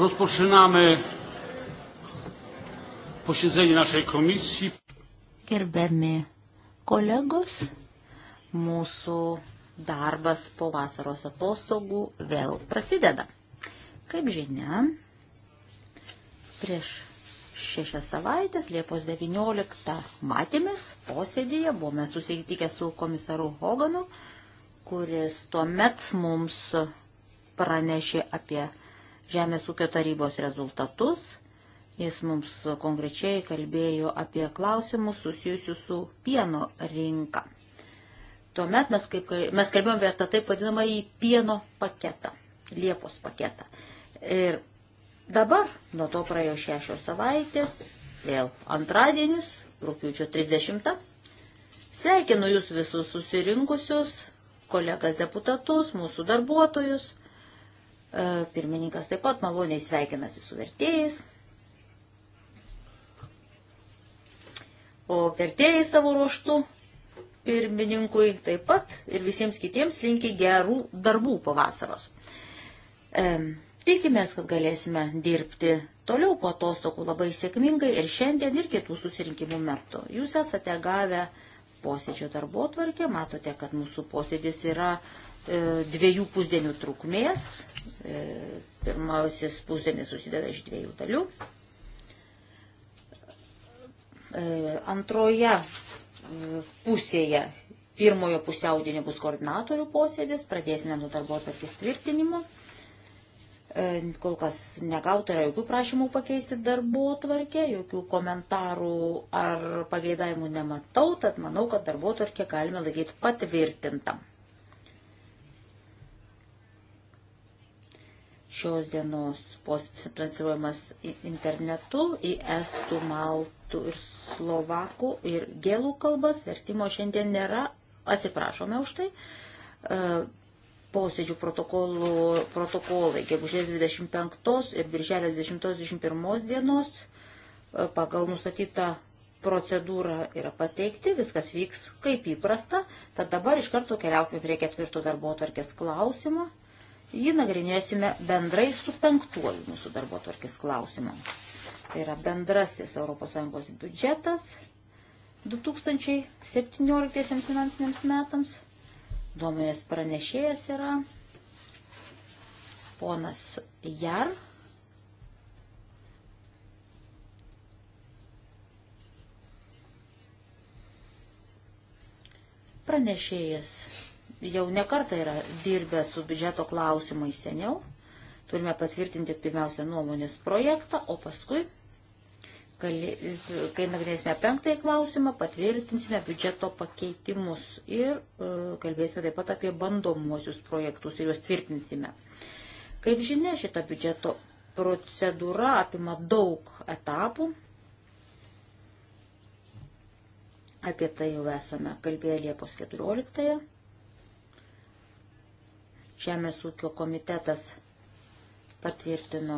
Rozpoczynamy posiedzenie naszej komisji. Gerbiami kolegos, mūsų darbas po vasaros atostogų vėl prasideda. Kaip žinia, prieš šešias savaitės, Liepos 19 matėmis posėdėje, buvome susitikę su komisaru Hoganu, kuris tuo met mums pranešė apie Žemės ūkio tarybos rezultatus. Jis mums konkrečiai kalbėjo apie klausimus susijusius su pieno rinka. Tuomet mes, kaip, mes kalbėjome apie tą taip vadinamą į pieno paketą, Liepos paketą. Ir dabar, nuo to praėjo šešios savaitės, vėl antradienis, rūpiučio 30. Sveikinu jūs visus susirinkusius, kolegas deputatus, mūsų darbuotojus. E, pirmininkas taip pat maloniai sveikinasi su vertėjais. O vertėjai savo ruoštų pirmininkui taip pat ir visiems kitiems linki gerų darbų po vasaros. E, tikimės, kad galėsime dirbti toliau po atostogų labai sėkmingai ir šiandien ir kitų susirinkimų metu. Jūs esate gavę posėdžio darbo tvarkę, matote, kad mūsų posėdis yra e, dviejų pusdienių trukmės, E, Pirmausias pusdienis susideda iš dviejų dalių. E, antroje e, pusėje pirmojo pusiaudienio bus koordinatorių posėdis, pradėsime nuo darbo atvarkės tvirtinimo. Kol kas negauta yra jokių prašymų pakeisti darbo tvarkę, jokių komentarų ar pageidavimų nematau, tad manau, kad darbo tvarkę galime laikyti patvirtintam. Šios dienos posėdis transliuojamas internetu į estų, maltų ir slovakų ir gėlų kalbas. Vertimo šiandien nėra. Atsiprašome už tai. E, posėdžių protokolai, gegužės 25 ir birželio 20-21 dienos e, pagal nustatytą procedūra yra pateikti, viskas vyks kaip įprasta, tad dabar iš karto keliaukime prie ketvirto darbo tarkės klausimo. Jį nagrinėsime bendrai su penktuoju mūsų darbo tvarkės klausimu. Tai yra bendrasis ES biudžetas 2017 finansiniams metams. Duomenės pranešėjas yra ponas Jar. Pranešėjas jau nekarta yra dirbę su biudžeto klausimais seniau. Turime patvirtinti pirmiausia nuomonės projektą, o paskui, kai nagrinėsime penktąjį klausimą, patvirtinsime biudžeto pakeitimus ir e, kalbėsime taip pat apie bandomuosius projektus ir juos tvirtinsime. Kaip žinia, šita biudžeto procedūra apima daug etapų, Apie tai jau esame kalbėję Liepos 14. Žemės ūkio komitetas patvirtino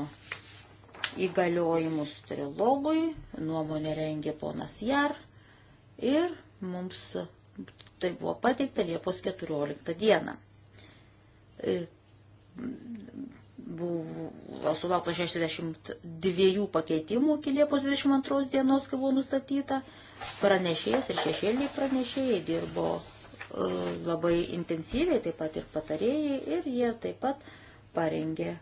įgaliojimus trilogui, nuomonę rengė ponas Jar ir mums tai buvo pateikta Liepos 14 dieną. E, buvo sulaukta 62 pakeitimų iki Liepos 22 dienos, kai buvo nustatyta. Pranešėjas ir šešėliai pranešėjai dirbo E, labai intensyviai, taip pat ir patarėjai, ir jie taip pat parengė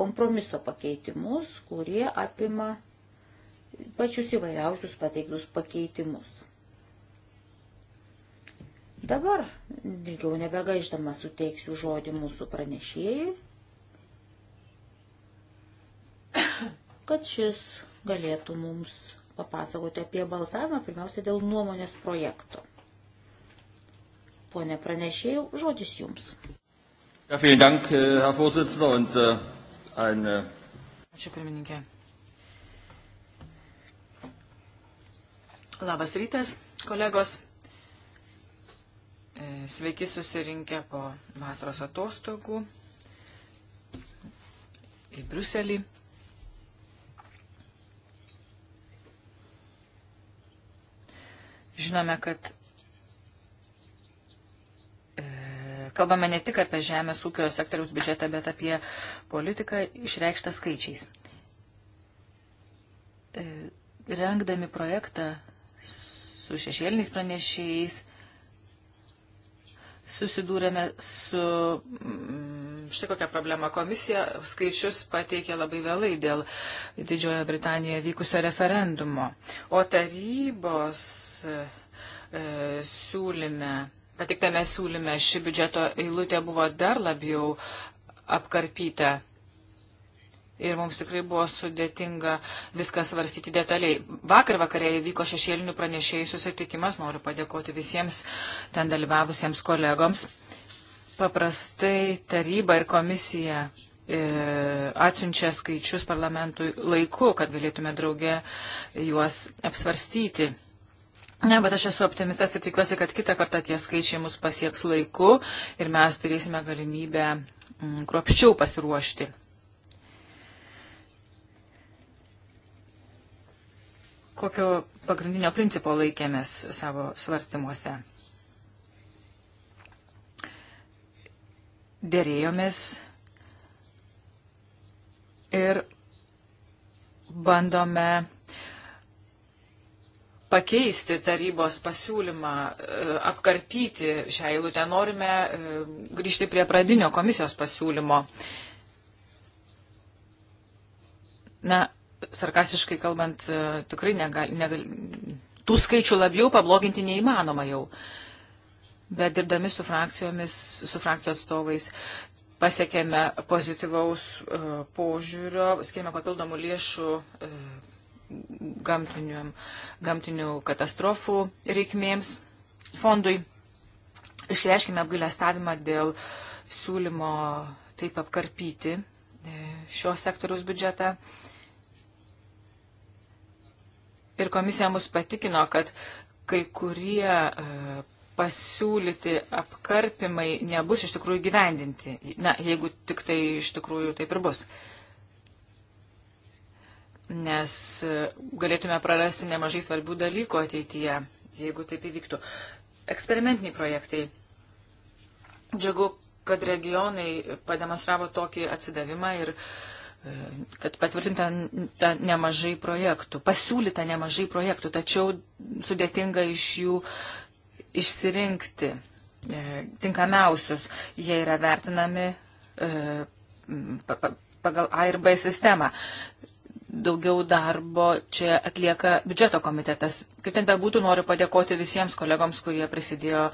kompromiso pakeitimus, kurie apima pačius įvairiausius pateiktus pakeitimus. Dabar, ilgiau nebegaiždama, suteiksiu žodį mūsų pranešėjai, kad šis galėtų mums papasakoti apie balsavimą, pirmiausia, dėl nuomonės projekto. Pone pranešėjau, žodis jums. Ja, dank, äh, und, uh, ein, uh... Ačiū pirmininkė. Labas rytas, kolegos. E, sveiki susirinkę po vasaros atostogų į Bruselį. Žinome, kad kalbame ne tik apie žemės ūkio sektoriaus biudžetą, bet apie politiką išreikštą skaičiais. E, rengdami projektą su šešėliniais pranešėjais susidūrėme su mm, štai kokia problema. Komisija skaičius pateikė labai vėlai dėl Didžiojo Britanijoje vykusio referendumo. O tarybos e, siūlyme patiktame siūlyme ši biudžeto eilutė buvo dar labiau apkarpyta. Ir mums tikrai buvo sudėtinga viskas svarstyti detaliai. Vakar vakarė įvyko šešėlinių pranešėjų susitikimas. Noriu padėkoti visiems ten dalyvavusiems kolegoms. Paprastai taryba ir komisija e, atsiunčia skaičius parlamentui laiku, kad galėtume draugė juos apsvarstyti. Ne, bet aš esu optimistas ir tikiuosi, kad kitą kartą tie skaičiai mus pasieks laiku ir mes turėsime galimybę mm, kruopščiau pasiruošti. Kokio pagrindinio principo laikėmės savo svarstymuose? Dėrėjomės ir bandome pakeisti tarybos pasiūlymą, e, apkarpyti šią eilutę. Norime e, grįžti prie pradinio komisijos pasiūlymo. Na, sarkastiškai kalbant, e, tikrai negal, negal, tų skaičių labiau pabloginti neįmanoma jau. Bet dirbdami su frakcijomis, su frakcijos atstovais, pasiekėme pozityvaus uh, požiūrio, skirėme papildomų lėšų uh, gamtinių, gamtinių katastrofų reikmėms fondui. Išreiškime apgailestavimą dėl siūlymo taip apkarpyti e, šios sektoriaus biudžetą. Ir komisija mus patikino, kad kai kurie e, pasiūlyti apkarpimai nebus iš tikrųjų gyvendinti. Na, jeigu tik tai iš tikrųjų taip ir bus. Uh, nes e, galėtume prarasti nemažai svarbių dalykų ateityje, jeigu taip įvyktų. Eksperimentiniai projektai. Džiugu, kad regionai pademonstravo tokį atsidavimą ir e, kad patvirtinta nemažai projektų, pasiūlyta nemažai projektų, tačiau sudėtinga iš jų išsirinkti e, tinkamiausius. Jie yra vertinami pagal A ir B sistemą daugiau darbo čia atlieka biudžeto komitetas. Kaip ten bebūtų, noriu padėkoti visiems kolegoms, kurie prisidėjo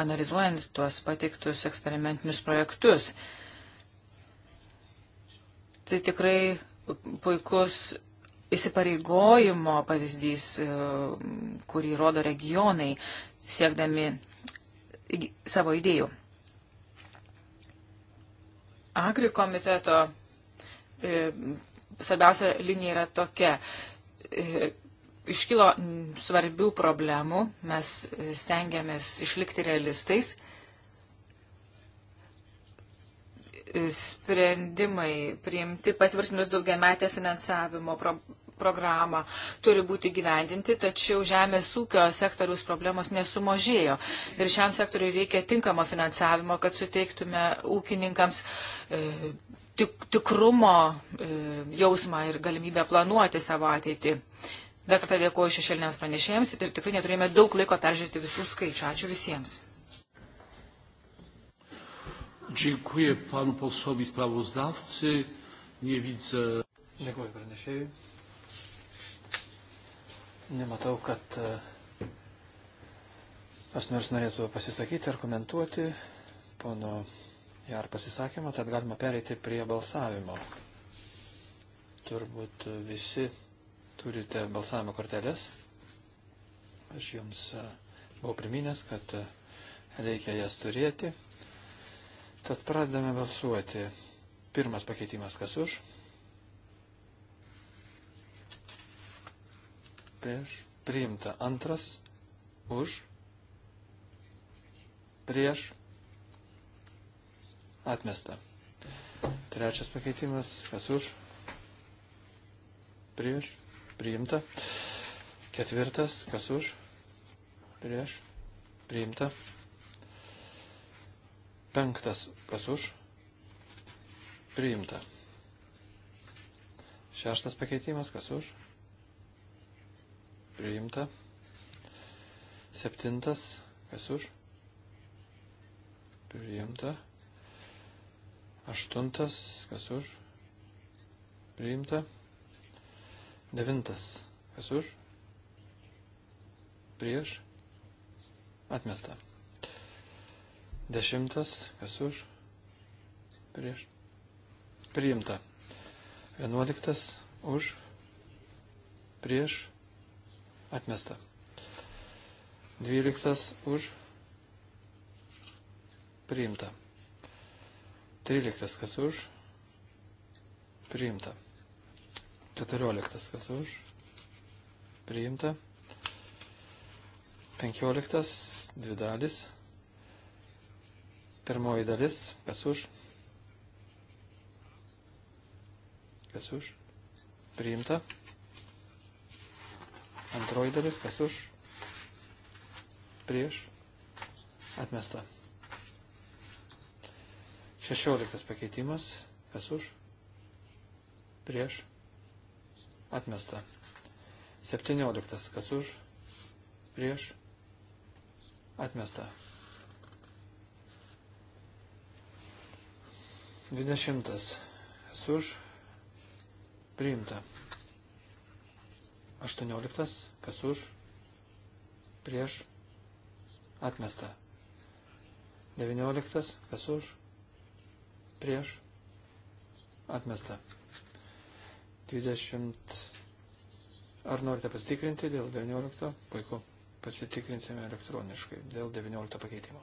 analizuojant tuos pateiktus eksperimentinius projektus. Tai tikrai puikus įsipareigojimo pavyzdys, e, kurį rodo regionai siekdami savo idėjų. Agri komiteto e, svarbiausia linija yra tokia. E, iškilo svarbių problemų, mes stengiamės išlikti realistais. Sprendimai priimti patvirtinus daugiametę finansavimo pro programą turi būti gyvendinti, tačiau žemės ūkio sektoriaus problemos nesumažėjo. Ir šiam sektoriui reikia tinkamo finansavimo, kad suteiktume ūkininkams e, tik, tikrumo e, jausmą ir galimybę planuoti savo ateitį. Dar kartą dėkuoju šešėliniams pranešėjams ir tikrai neturėjome daug laiko peržiūrėti visų skaičių. Ačiū visiems. Dziękuję panu posłowi sprawozdawcy. Nie widzę. Dziękuję pranešėjui. Nematau, kad e, kas nors norėtų pasisakyti ar komentuoti. Pono ar pasisakymą, tad galima pereiti prie balsavimo. Turbūt visi turite balsavimo kortelės. Aš jums e, buvau priminęs, kad e, reikia jas turėti. Tad pradedame balsuoti. Pirmas pakeitimas kas už. Prieš. Priimta antras. Už. Prieš Atmesta. Trečias pakeitimas. Kas už? Prieš. Priimta. Ketvirtas. Kas už? Prieš. Priimta. Penktas. Kas už? Priimta. Šeštas pakeitimas, kas už? Priimta. Septintas, kas už? Priimta. Aštuntas, kas už? Priimta. Devintas, kas už? Prieš. Atmesta. Dešimtas, kas už? Prieš. Priimta. Vienuoliktas, už? Prieš. Atmesta. Dvyliktas, už? Priimta. 13 kas už, priimta. 14 kas už, priimta. 15 dvi dalis. Pirmoji dalis, kas už, kas už, priimta. Antroji dalis, kas už, prieš, atmesta. 16 pakeitimas, kas už, prieš, atmesta. 17 kas už, prieš, atmesta. 20 kas už, priimta. 18 kas už, prieš, atmesta. 19 kas už, prieš atmesta. 20. Ar norite pasitikrinti dėl 19? Puiku. Pasitikrinsime elektroniškai dėl 19 pakeitimo.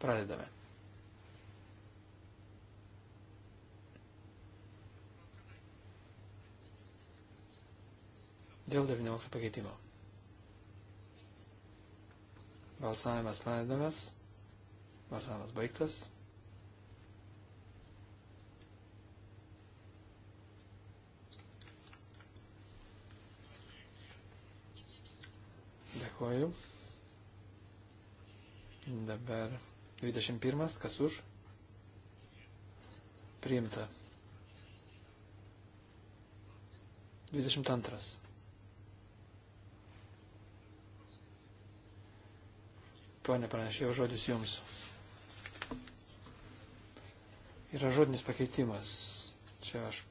Pradedame. Dėl 19 pakeitimo. Balsavimas pradedamas. Balsavimas baigtas. Dėkuoju. Dabar 21. Kas už? Priimta. 22. Pone pranešėjau, žodis jums. Yra žodinis pakeitimas. Čia aš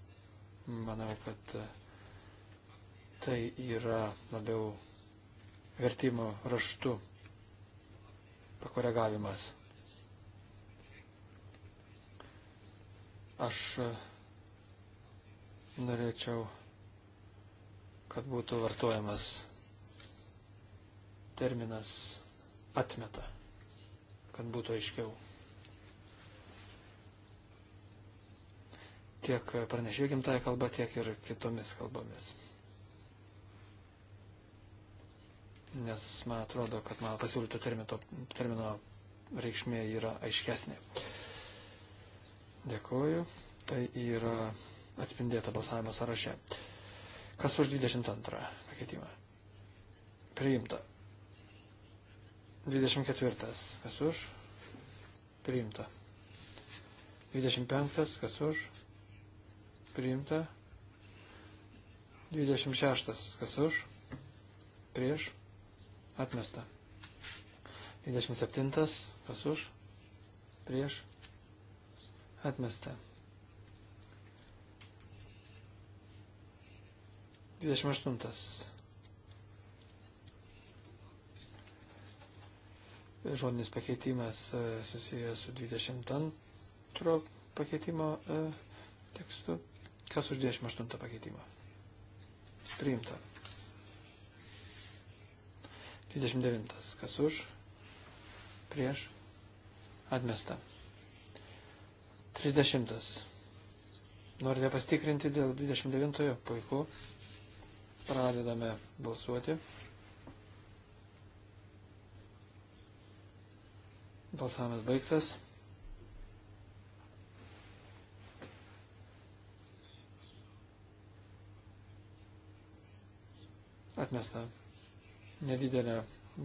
manau, kad e, tai yra labiau vertimo raštu pakoregavimas. Aš e, norėčiau, kad būtų vartojamas terminas atmeta, kad būtų aiškiau. Tiek pranešėjų gimtąją kalbą, tiek ir kitomis kalbomis. nes man atrodo, kad mano pasiūlyto termino, termino reikšmė yra aiškesnė. Dėkuoju. Tai yra atspindėta balsavimo sąraše. Kas už 22 pakeitimą? Priimta. 24. Kas už? Priimta. 25. Kas už? Priimta. 26. Kas už? Prieš. Atmesta. 27. Kas už? Prieš. Atmesta. 28. Žodinis pakeitimas e, susijęs su 22 pakeitimo e, tekstu. Kas už 28 pakeitimą? Priimta. 29. Kas už, prieš, atmesta. 30. Norite pastikrinti dėl 29. Puiku. Pradedame balsuoti. Balsavimas baigtas. Atmesta nedidelė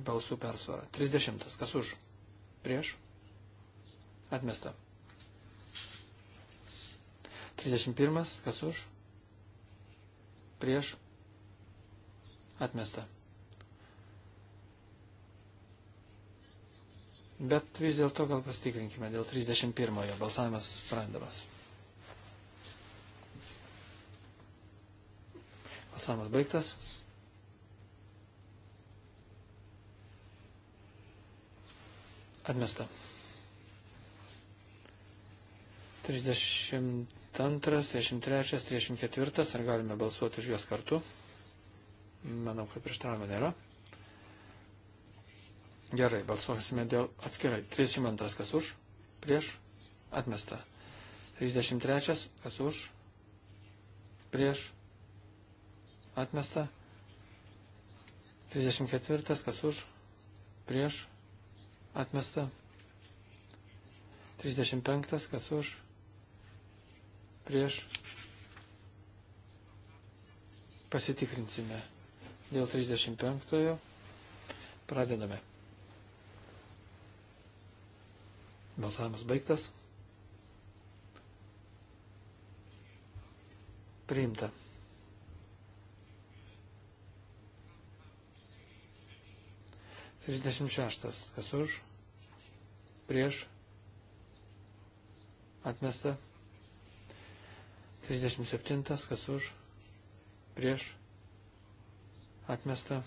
balsų persvara. 30. Kas už? Prieš? Atmesta. 31. Kas už? Prieš? Atmesta. Bet vis dėlto gal pastikrinkime dėl 31-ojo balsavimas sprendamas. Balsavimas baigtas. Atmesta. 32, 33, 34. Ar galime balsuoti už juos kartu? Manau, kad prieštaravimo nėra. Gerai, balsuosime dėl atskirai. 32, kas už? Prieš? Atmesta. 33, kas už? Prieš? Atmesta. 34, kas už? Prieš? atmesta. 35, kas už, prieš, pasitikrinsime. Dėl 35 pradedame. Balsavimas baigtas. Priimta. Trisdešimt šeštas. Kas už? prieš atmesta. 37 kas už prieš atmesta.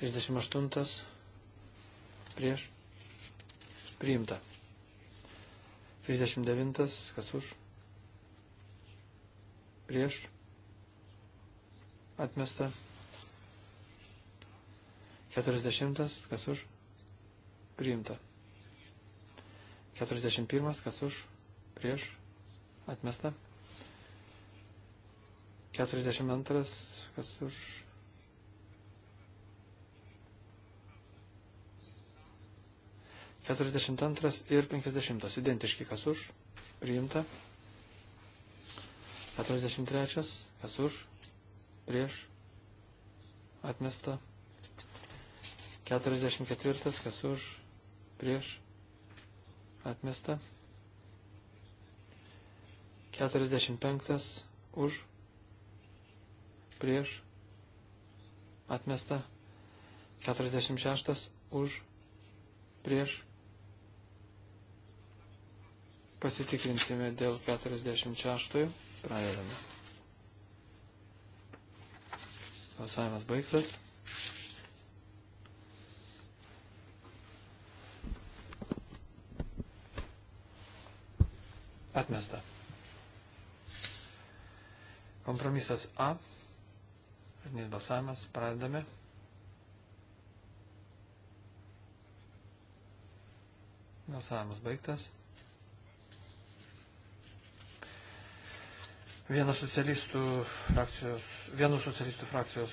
38 prieš priimta. 39 kas už prieš atmesta. 40 kas už priimta. 41, kas už, prieš, atmesta. 42, kas už. Keturiasdešimt antras ir penkisdešimtas. Identiški kas už. Priimta. Keturiasdešimt trečias. Kas už. Prieš. Atmesta. Keturiasdešimt ketvirtas. Kas už prieš atmesta. 45 už prieš atmesta. 46 už prieš pasitikrinsime dėl 46. Pradedame. Balsavimas baigtas. Atmesta. Kompromisas A. Pradinis balsavimas. Pradedame. Balsavimas baigtas. Vienas socialistų frakcijos, vienu socialistų frakcijos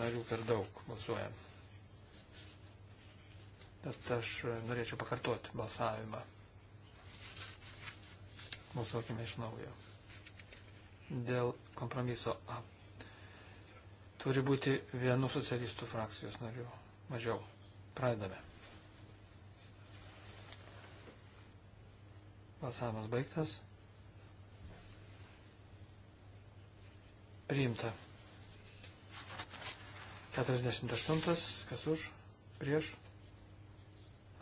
narių per daug balsuoja. Tad aš norėčiau pakartoti balsavimą balsuokime iš naujo. Dėl kompromiso A. Turi būti vienu socialistų frakcijos nariu. Mažiau. Pradedame. Balsavimas baigtas. Priimta. 48. Kas už? Prieš?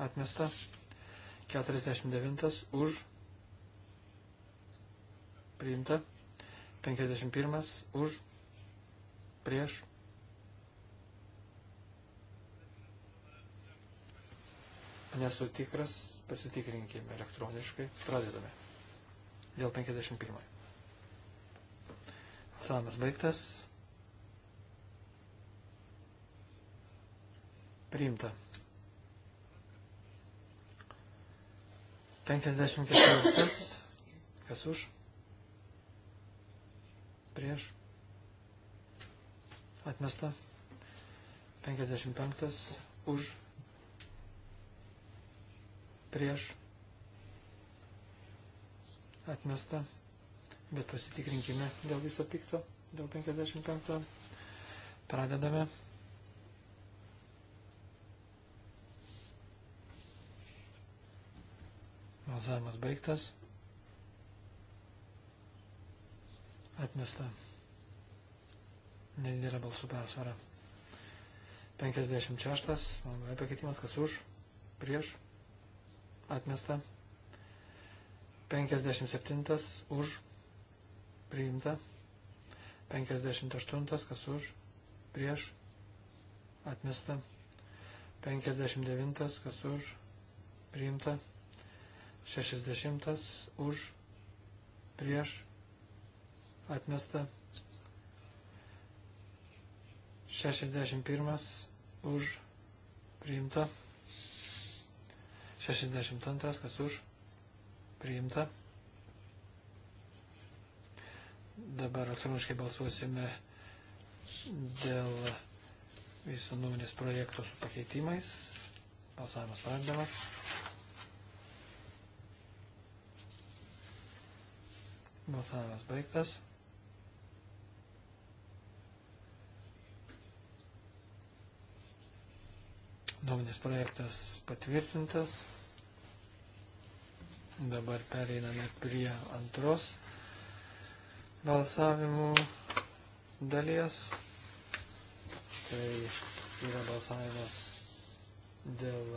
Atmesta. 49. Už? priimta. 51 už, prieš. Nesu tikras, pasitikrinkime elektroniškai. Pradedame. Dėl 51. Samas baigtas. Priimta. 54. Kas už? prieš, atmesta, 55 už, prieš, atmesta, bet pasitikrinkime dėl viso pikto, dėl 55, pradedame. Balsavimas baigtas. atmesta. Nedidelė balsų persvara. 56. Mano pakeitimas, kas už, prieš, atmesta. 57. Už, priimta. 58. Kas už, prieš, atmesta. 59. Kas už, priimta. 60. Už, prieš, atmesta. 61 už priimta. 62 kas už priimta. Dabar elektroniškai balsuosime dėl viso nuomonės projekto su pakeitimais. Balsavimas pradedamas. Balsavimas baigtas. Nuomonės projektas patvirtintas. Dabar pereiname prie antros balsavimų dalies. Tai yra balsavimas dėl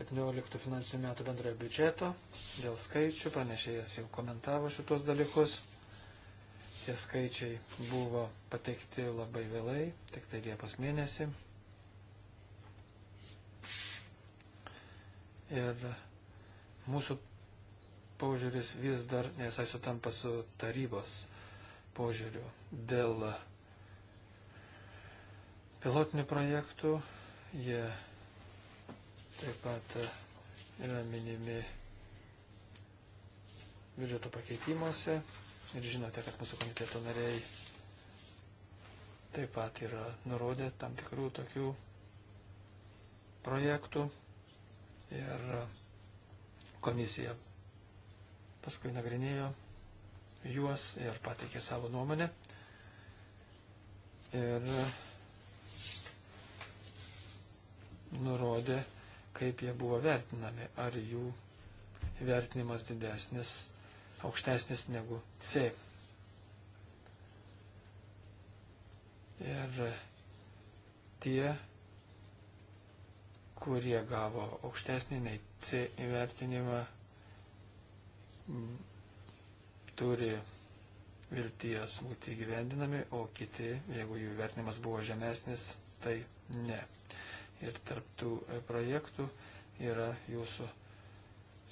17 finansinių metų bendrojo biudžeto, dėl skaičių, pranešėjas jau komentavo šitos dalykus. Tie skaičiai buvo pateikti labai vėlai, tik tai Liepos mėnesį. ir mūsų požiūris vis dar nesai sutampa su tarybos požiūriu dėl pilotinių projektų. Jie taip pat yra minimi biudžeto pakeitimuose ir žinote, kad mūsų komiteto nariai taip pat yra nurodę tam tikrų tokių projektų ir komisija paskui nagrinėjo juos ir pateikė savo nuomonę. Ir nurodė, kaip jie buvo vertinami, ar jų vertinimas didesnis, aukštesnis negu C. Ir tie kurie gavo aukštesnį nei C įvertinimą, turi vilties būti įgyvendinami, o kiti, jeigu jų vertinimas buvo žemesnis, tai ne. Ir tarptų e, projektų yra jūsų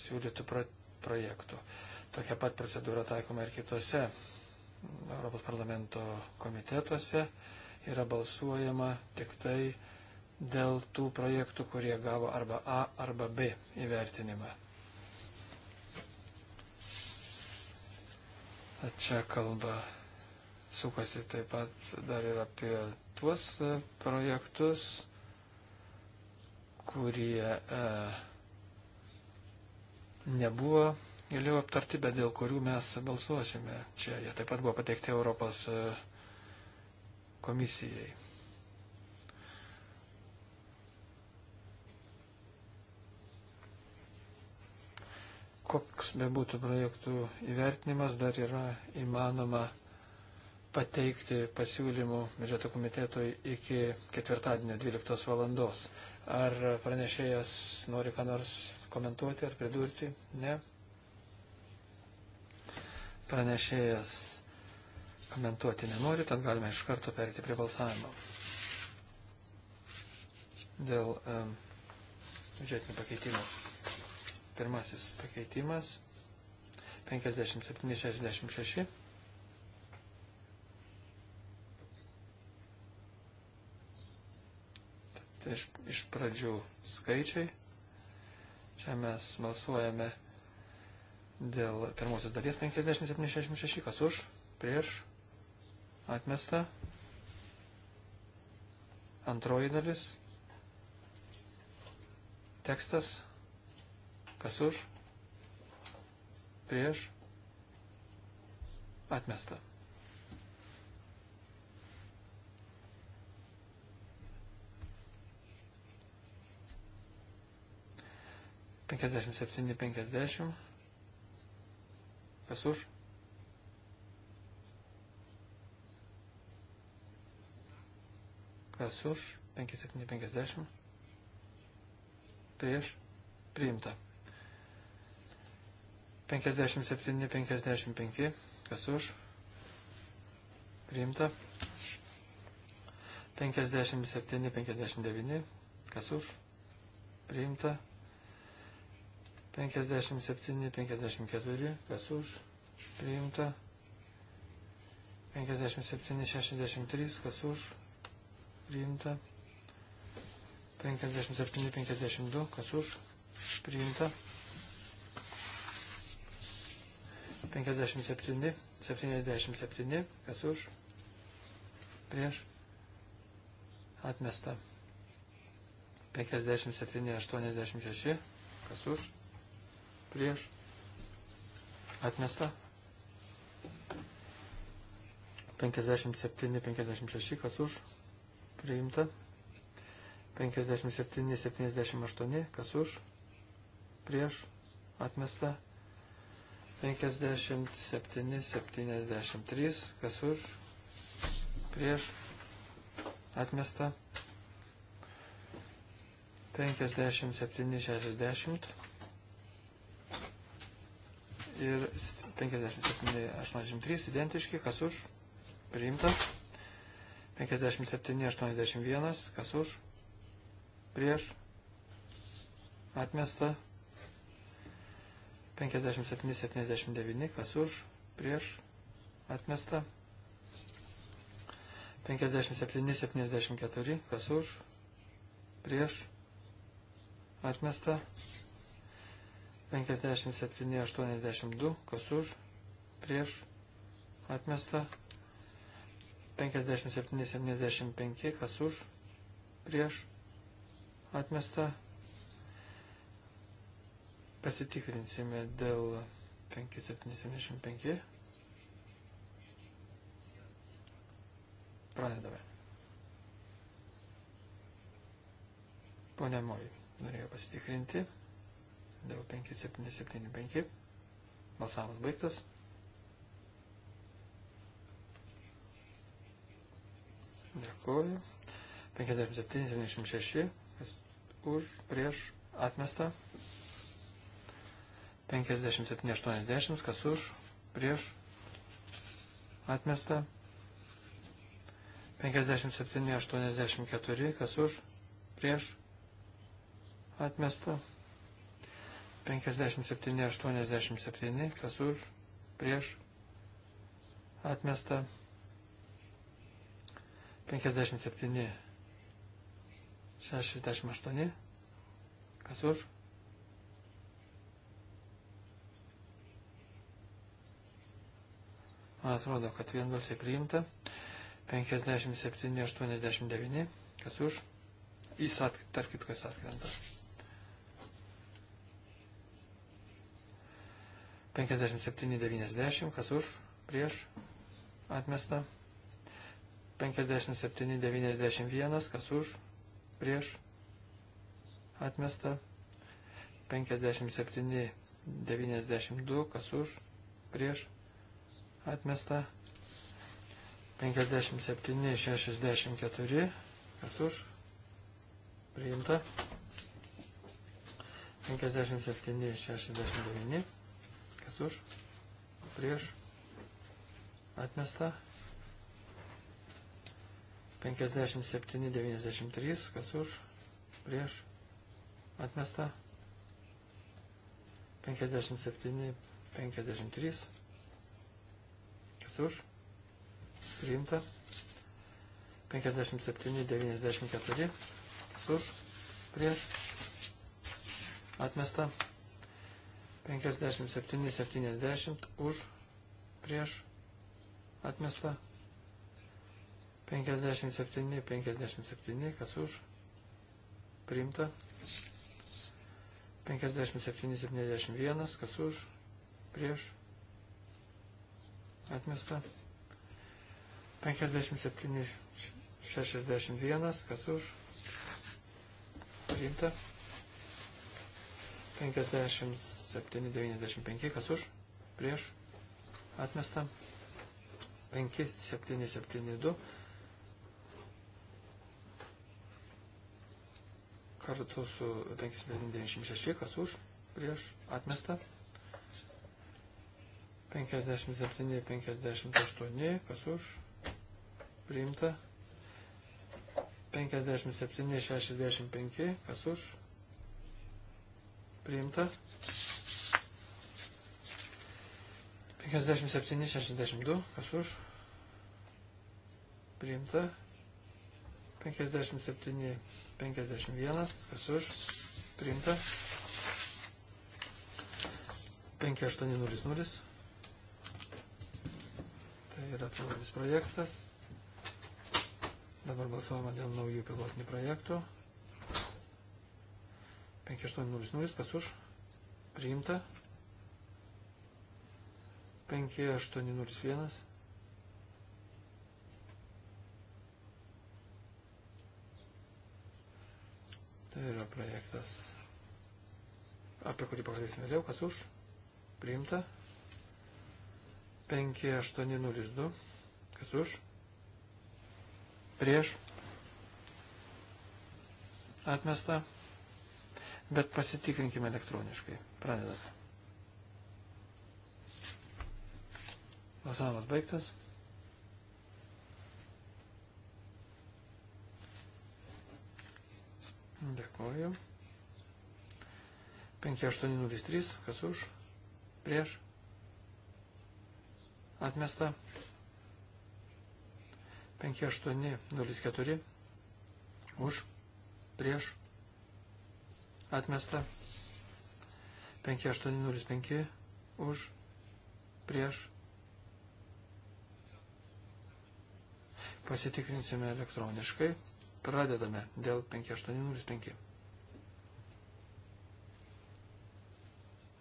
siūlytų projektų. Tokia pat procedūra taikoma ir kitose Europos parlamento komitetuose. Yra balsuojama tik tai dėl tų projektų, kurie gavo arba A arba B įvertinimą. Čia kalba sukasi taip pat dar ir apie tuos e, projektus, kurie e, nebuvo giliau aptarti, bet dėl kurių mes balsuosime. Čia jie taip pat buvo pateikti Europos e, komisijai. koks bebūtų projektų įvertinimas, dar yra įmanoma pateikti pasiūlymų biudžeto komitetui iki ketvirtadienio 12 valandos. Ar pranešėjas nori ką nors komentuoti ar pridurti? Ne. Pranešėjas komentuoti nenori, tad galime iš karto perėti prie balsavimo. Dėl um, biudžetinių pakeitimų. Pirmasis pakeitimas 57-66. Tai iš, iš pradžių skaičiai. Čia mes balsuojame dėl pirmosios dalies 57-66, kas už, prieš, atmesta. Antroji dalis. Tekstas Kas už? Prieš? Atmesta. Penkiasdešimt septyni, penkiasdešimt. Kas už? Kas už? 5750. Prieš. Priimta. 57-55, kas už, priimta. 57-59, kas už, priimta. 57-54, kas už, priimta. 57-63, kas už, priimta. 57-52, kas už, priimta. 57, 77, kas už, prieš, atmesta. 57, 86, kas už, prieš, atmesta. 57, 56, kas už, priimta. 57, 78, kas už, prieš, atmesta. 57, 73, kas už, prieš, atmesta. 57, 60 ir 57, 83 identiški, kas už, priimta. 57, 81, kas už, prieš, atmesta. 57-79, kas už, prieš, atmesta. 57-74, kas už, prieš, atmesta. 57-82, kas už, prieš, atmesta. 57-75, kas už, prieš, atmesta. Pasitikrinsime dėl 5775. Pradedame. Pone Moj norėjo pasitikrinti dėl 5775. Balsavimas baigtas. Dėkuoju. 5776. Už, prieš, atmesta. 57.80, kas už, prieš, atmesta. 57.84, kas už, prieš, atmesta. 57.87, kas už, prieš, atmesta. 57.68, kas už, Man atrodo, kad vienbalsiai priimta. 57-89. Kas už? Jis at, tarkit, kas atkrenta. 57-90. Kas už? Prieš? Atmesta. 57-91. Kas už? Prieš? Atmesta. 57-92. Kas už? Prieš? atmesta. 57, 64, kas už, priimta. 57, 69, kas už, prieš, atmesta. 57, 93, kas už, prieš, atmesta. 57, 53, Kas už? Priimta. 57, 94. Kas už? Prieš. Atmesta. 57, 70. Už. Prieš. Atmesta. 57, 57. Kas už? Priimta. 57, 71. Kas už? Prieš atmesta. 57, 61, kas už, priimta. 57, 95, kas už, prieš, atmesta. 5, 7, 7, 2. Kartu su 5796, kas už, prieš, atmesta. 57 ir 58, kas už, priimta. 57 ir 65, kas už, priimta. 57 62, kas už, priimta. 57 51, kas už, priimta. 5800. Tai yra pilotinis projektas. Dabar balsuojama dėl naujų pilotinių projektų. 5800 pas už. Priimta. 5801. Tai yra projektas, apie kurį pakalbėsime vėliau, kas už, priimta, 5801. 5802. Kas už? Prieš. Atmesta. Bet pasitikrinkime elektroniškai. Pradedame. Balsavimas baigtas. Dėkuoju. 5803, kas už, prieš, atmesta. 5804 už, prieš, atmesta. 5805 už, prieš. Pasitikrinsime elektroniškai. Pradedame dėl 5805.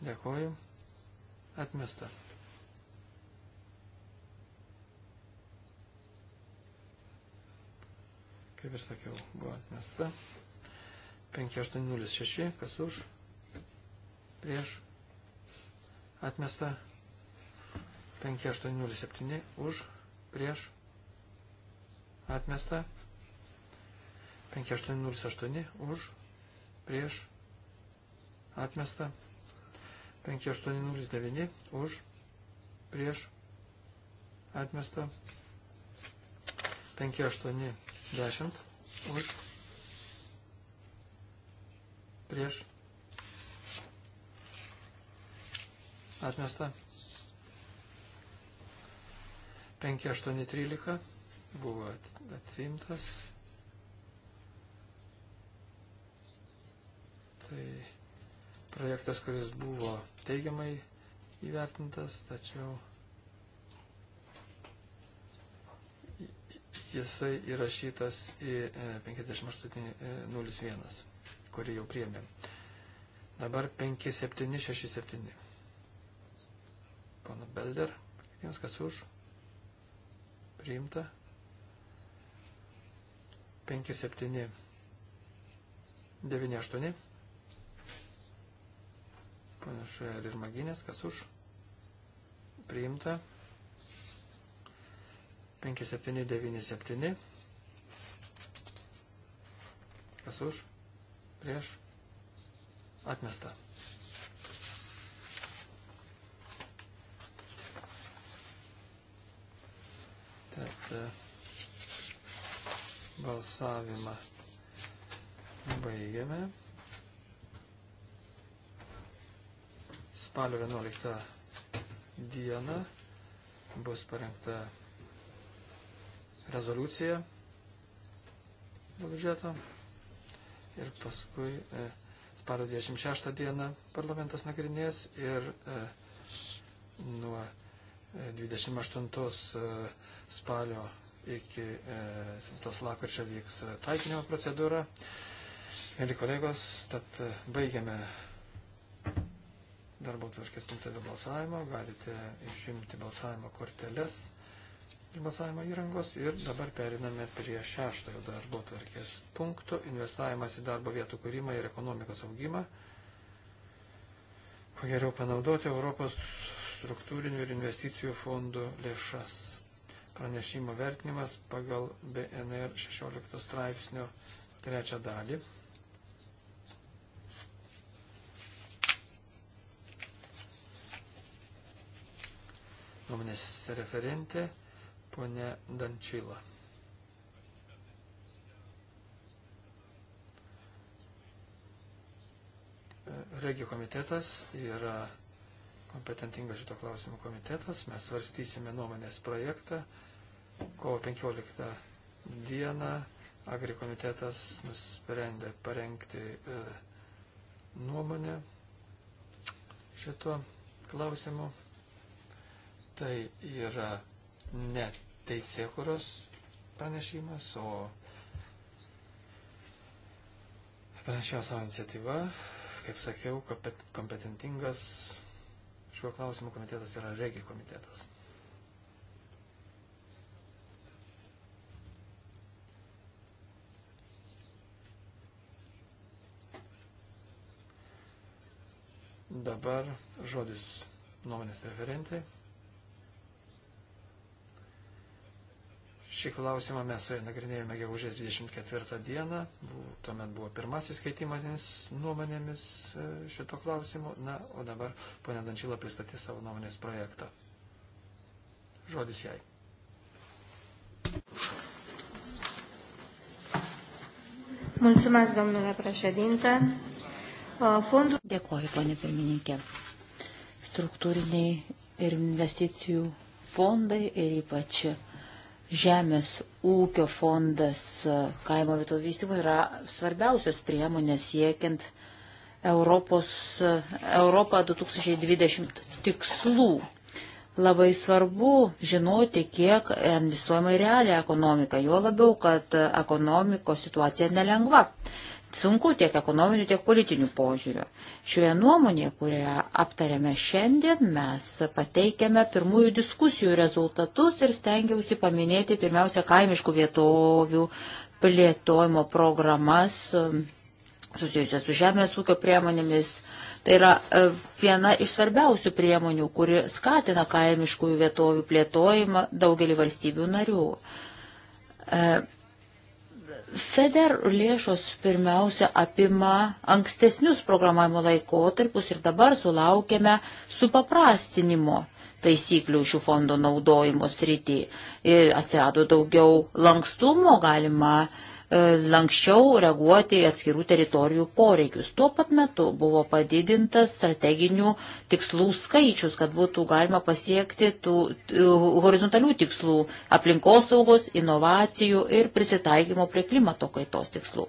Dėkoju. Atmesta. kaip ir sakiau, buvo atmesta. 5806, kas už, prieš, atmesta. 5807, už, prieš, atmesta. 5808, už, prieš, atmesta. 5809, už, prieš, atmesta. 5, 8, 10 už prieš atmesta 5, 8, 13 buvo atsiimtas tai projektas, kuris buvo teigiamai įvertintas, tačiau jisai įrašytas į 58.01, e, kurį jau priemėm. Dabar 5767. Pana Belder, jums kas už? Priimta. 5798. Panašu, ir maginės, kas už? Priimta. 5798. 5797. Kas už? Prieš? Atmesta. Tad e, balsavimą baigiame. Spalio 11 dieną bus parengta rezoliuciją biudžeto ir paskui e, spalio 26 dieną parlamentas nagrinės ir e, nuo 28 e, e, spalio iki 7 e, lakryčio vyks taikinimo procedūra. Mėly kolegos, tad baigiame darbo tvarkės punktą dėl balsavimo. Galite išimti balsavimo korteles balsavimo įrangos ir dabar periname prie šeštojo darbo tvarkės punkto - investavimas į darbo vietų kūrimą ir ekonomikos augimą. Kuo geriau panaudoti Europos struktūrinių ir investicijų fondų lėšas. Pranešimo vertinimas pagal BNR 16 straipsnio trečią dalį. Nuomonės referentė Pone Dančila. Regio komitetas yra kompetentingas šito klausimų komitetas. Mes svarstysime nuomonės projektą. Kovo 15 dieną Agri komitetas nusprendė parengti e, nuomonę šito klausimu. Tai yra ne teisėkuros pranešimas, o pranešėjo savo iniciatyva, kaip sakiau, kompetentingas šiuo klausimu komitetas yra regi komitetas. Dabar žodis nuomonės referentai. Šį klausimą mes su ja nagrinėjome gegužės 24 dieną, buvo, tuomet buvo pirmasis keitimas nuomonėmis e, šito klausimu, na, o dabar ponė Dančila pristatys savo nuomonės projektą. Žodis jai. Mulțumesc, domnule președinte. Uh, fondul... Dėkuoju, ponė pirmininkė. Struktūriniai ir investicijų fondai ir ypač Žemės ūkio fondas e, kaimo vieto vystymui yra svarbiausios priemonės siekiant Europos, e, Europą 2020 tikslų. Labai svarbu žinoti, kiek e, investuojama į realią ekonomiką, jo labiau, kad e, ekonomikos situacija nelengva. Sunku tiek ekonominių, tiek politinių požiūrių. Šioje nuomonėje, kurią aptarėme šiandien, mes pateikėme pirmųjų diskusijų rezultatus ir stengiausi paminėti pirmiausia kaimiškų vietovių plėtojimo programas e, susijusias su žemės ūkio priemonėmis, uh, Tai yra e, viena iš svarbiausių priemonių, kuri skatina kaimiškųjų vietovių plėtojimą daugelį valstybių narių. E, FEDER lėšos pirmiausia apima ankstesnius programavimo laikotarpius ir dabar sulaukėme supaprastinimo taisyklių šių fondo naudojimo srity. Atsirado daugiau lankstumo, galima uh, E, lankščiau reaguoti į atskirų teritorijų poreikius. Tuo pat metu buvo padidintas strateginių tikslų skaičius, kad būtų galima pasiekti tų horizontalių tikslų - aplinkosaugos, inovacijų ir prisitaikymo prie klimato kaitos tikslų.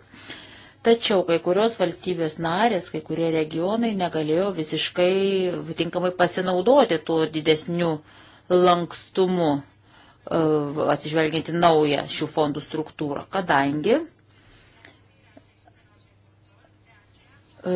Tačiau kai kurios valstybės narės, kai kurie regionai negalėjo visiškai tinkamai pasinaudoti tuo didesniu lankstumu E, atsižvelginti naują šių fondų struktūrą, kadangi e,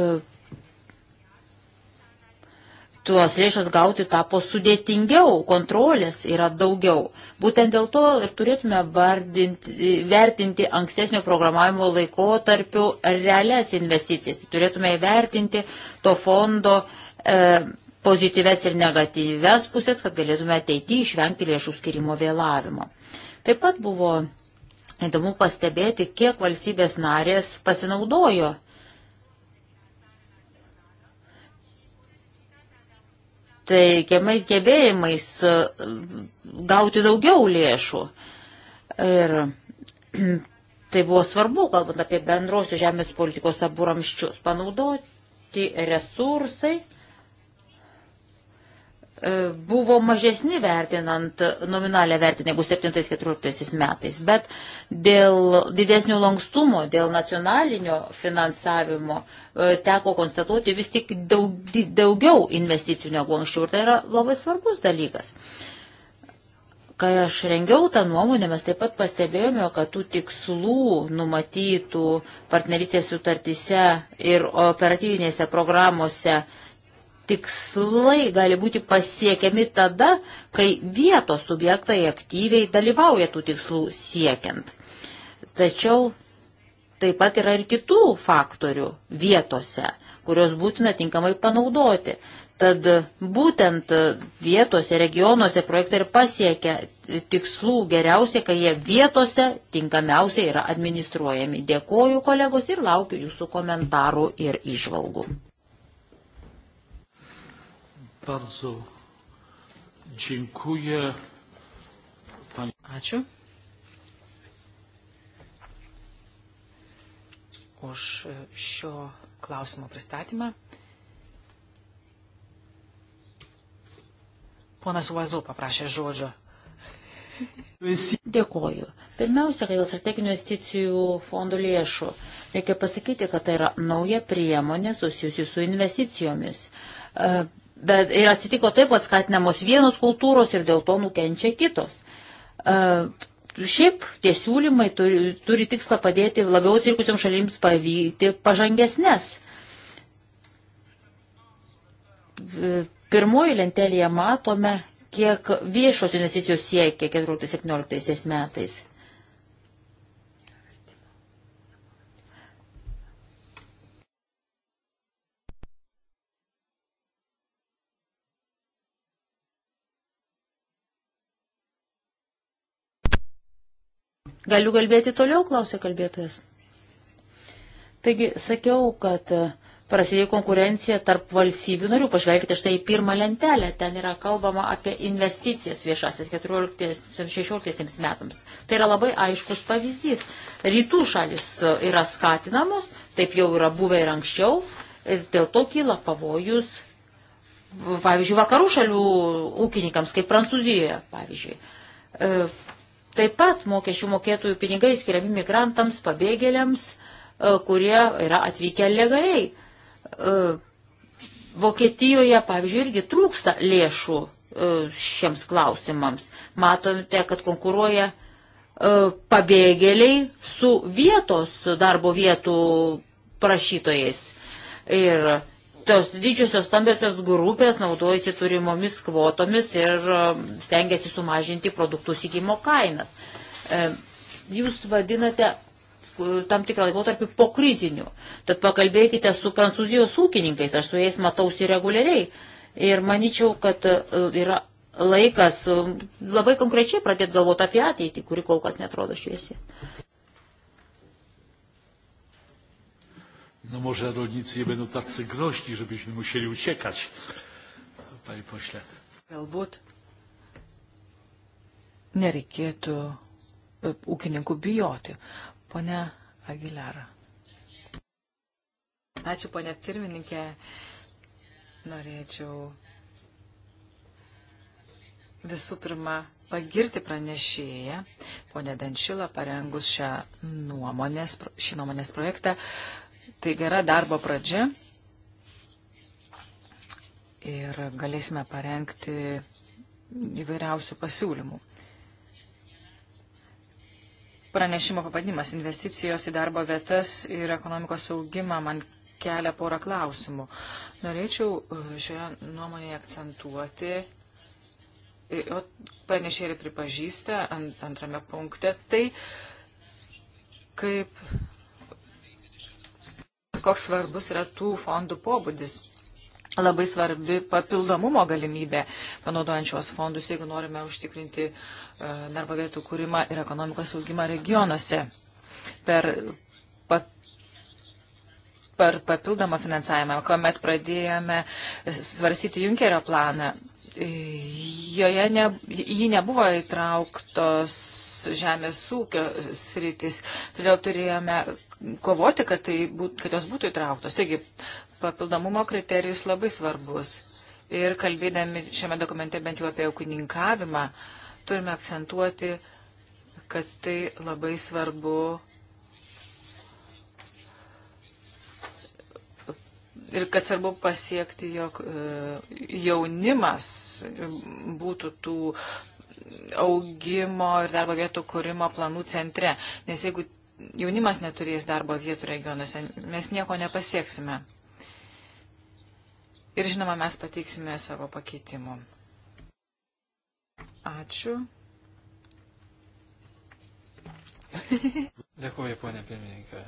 tuos lėšas gauti tapo sudėtingiau, kontrolės yra daugiau. Būtent dėl to ir turėtume vardinti, vertinti ankstesnio programavimo laikotarpiu realias investicijas. Turėtume įvertinti to fondo e, pozityves ir negatyves pusės, kad galėtume ateityje išvengti lėšų skirimo vėlavimo. Taip pat buvo įdomu pastebėti, kiek valstybės narės pasinaudojo teikiamais gebėjimais e, gauti daugiau lėšų. Ir tai buvo svarbu, kalbant apie bendrosios žemės politikos aburamščius, panaudoti resursai E, buvo mažesni vertinant nominalę vertinę negu 7-14 metais, bet dėl didesnio lankstumo, dėl nacionalinio finansavimo e, teko konstatuoti vis tik daug, daugiau investicijų negu anksčiau ir tai yra labai svarbus dalykas. Kai aš rengiau tą nuomonę, mes taip pat pastebėjome, kad tų tikslų numatytų partnerystės sutartyse ir operatyvinėse programuose uh, tikslai gali būti pasiekiami tada, kai vietos subjektai aktyviai dalyvauja tų tikslų siekiant. Tačiau taip pat yra ir kitų faktorių vietose, kurios būtina tinkamai panaudoti. Tad būtent vietose, regionuose projektai ir pasiekia tikslų geriausiai, kai jie vietose tinkamiausiai yra administruojami. Dėkoju kolegos ir laukiu jūsų komentarų ir išvalgų bardzo dziękuję. Pani... Ačiū. Už šio klausimo pristatymą. Ponas Uazdu paprašė žodžio. Dėkoju. Pirmiausia, dėl strateginių investicijų fondų lėšų. Reikia pasakyti, kad tai yra nauja priemonė susijusi su investicijomis. E, Bet ir atsitiko taip, kad skatinamos vienos kultūros ir dėl to nukenčia kitos. Uh, šiaip tie siūlymai turi, turi tikslą padėti labiau atsirikusiam šalims pavyti pažangesnės. Pirmoji lentelėje matome, kiek viešos investicijos siekia 14-17 metais. Galiu kalbėti toliau, klausė kalbėtojas. Taigi sakiau, kad e, prasidėjo konkurencija tarp valstybių narių. Pažvelkite štai į pirmą lentelę. Ten yra kalbama apie investicijas viešasis 14-16 metams. Tai yra labai aiškus pavyzdys. Rytų šalis e, yra skatinamos, taip jau yra buvę ir anksčiau. Ir e, dėl to kyla pavojus, pavyzdžiui, vakarų šalių ūkininkams, kaip Prancūzijoje, pavyzdžiui. Taip pat mokesčių mokėtojų pinigai skiriami migrantams, pabėgėliams, e, kurie yra atvykę legaliai. E, Vokietijoje, pavyzdžiui, irgi trūksta lėšų e, šiems klausimams. Matote, kad konkuruoja pabėgėliai su vietos darbo vietų prašytojais. Ir tos didžiosios stambiosios grupės naudojasi turimomis kvotomis ir e, stengiasi sumažinti produktų įsigimo kainas. E, jūs vadinate e, tam tikrą laikotarpį po krizinių. Tad pakalbėkite su prancūzijos ūkininkais, aš su jais matausi reguliariai. Ir manyčiau, kad yra laikas labai konkrečiai pradėti galvoti apie ateitį, kuri kol kas netrodo šviesi. No może rolnicy nie będą tacy groźni, żebyśmy musieli uciekać, panie pośle. Galbūt nereikėtų e, ūkininkų bijoti. Pone Aguilera. Ačiū, ponė pirmininkė. Norėčiau visų pirma pagirti pranešėją, ponė Dančilą, parengus šią nuomonės, šį nuomonės projektą. Uh, tai gera darbo pradžia ir galėsime parengti įvairiausių pasiūlymų. Pranešimo pavadinimas investicijos į darbo vietas ir ekonomikos augimą man kelia porą klausimų. Norėčiau uh, šioje nuomonėje akcentuoti, o pranešėlį pripažįsta ant, antrame punkte, tai kaip koks svarbus yra tų fondų pobūdis. Labai svarbi papildomumo galimybė panaudojant šios fondus, jeigu norime užtikrinti e, darbo vietų kūrimą ir ekonomikos augimą regionuose. Per per papildomą finansavimą, kuomet pradėjome svarstyti Junkerio planą. E, joje ne, jį nebuvo įtrauktos žemės ūkio sritis, todėl turėjome kovoti, kad, tai būt, kad jos būtų įtrauktos. Taigi, papildomumo kriterijus labai svarbus. Ir kalbėdami šiame dokumente bent jau apie aukininkavimą, turime akcentuoti, kad tai labai svarbu ir kad svarbu pasiekti, jog e, jaunimas būtų tų augimo ir darbo vietų kūrimo planų centre. Nes jeigu jaunimas neturės darbo vietų regionuose, mes nieko nepasieksime. Ir žinoma, mes pateiksime savo pakeitimu. Ačiū. Dėkuoju, ponė pirmininkė.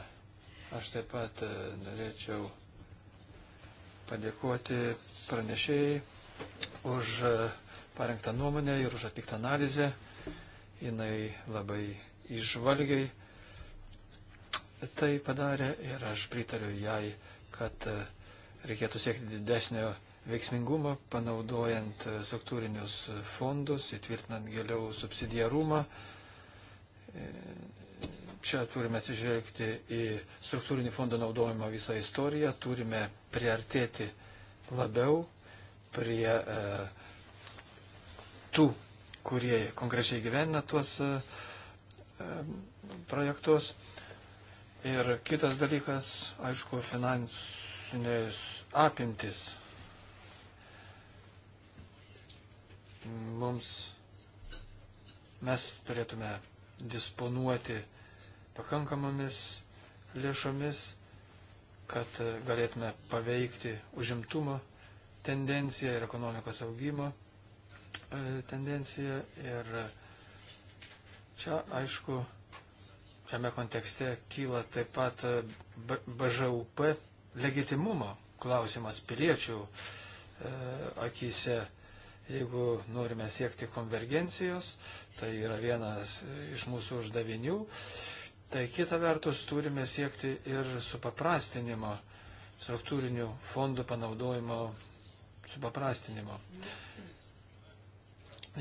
Aš taip pat e, norėčiau padėkoti pranešėjai už e, parengtą nuomonę ir už atliktą analizę. Jis labai išvalgiai tai padarė ir aš pritariu jai, kad e, reikėtų siekti didesnio veiksmingumo, panaudojant e, struktūrinius fondus, įtvirtinant giliau subsidiarumą. E, čia turime atsižvelgti į struktūrinį fondą naudojimo visą istoriją, turime priartėti labiau prie e, tų, kurie konkrečiai gyvena tuos e, projektus. E, Ir kitas dalykas, aišku, finansinės apimtis. Mums mes turėtume disponuoti pakankamomis lėšomis, kad galėtume paveikti užimtumo tendenciją ir ekonomikos augimo e, tendenciją. Ir čia, aišku, šiame kontekste kyla taip pat e, BŽUP legitimumo klausimas piliečių e, akise. Jeigu norime siekti konvergencijos, tai yra vienas iš mūsų uždavinių, tai kita vertus turime siekti ir supaprastinimo, struktūrinių fondų panaudojimo supaprastinimo.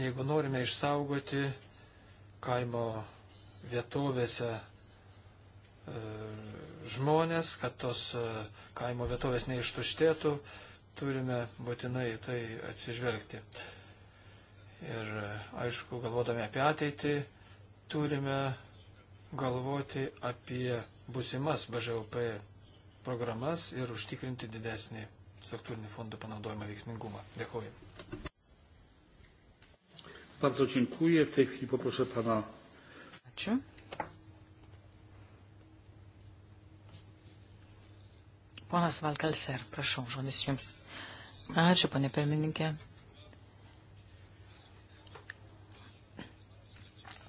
Jeigu norime išsaugoti kaimo vietovėse e, žmonės, kad tos e, kaimo vietovės neištuštėtų, turime būtinai tai atsižvelgti. Ir e, aišku, galvodami apie ateitį, turime galvoti apie busimas BŽUP programas ir užtikrinti didesnį struktūrinį fondų panaudojimą veiksmingumą. Dėkuoju. Bardzo dziękuję. W tej chwili poproszę pana Ačiū. Ponas Valkalser, prašau, žodis jums. Ačiū, ponė pirmininkė.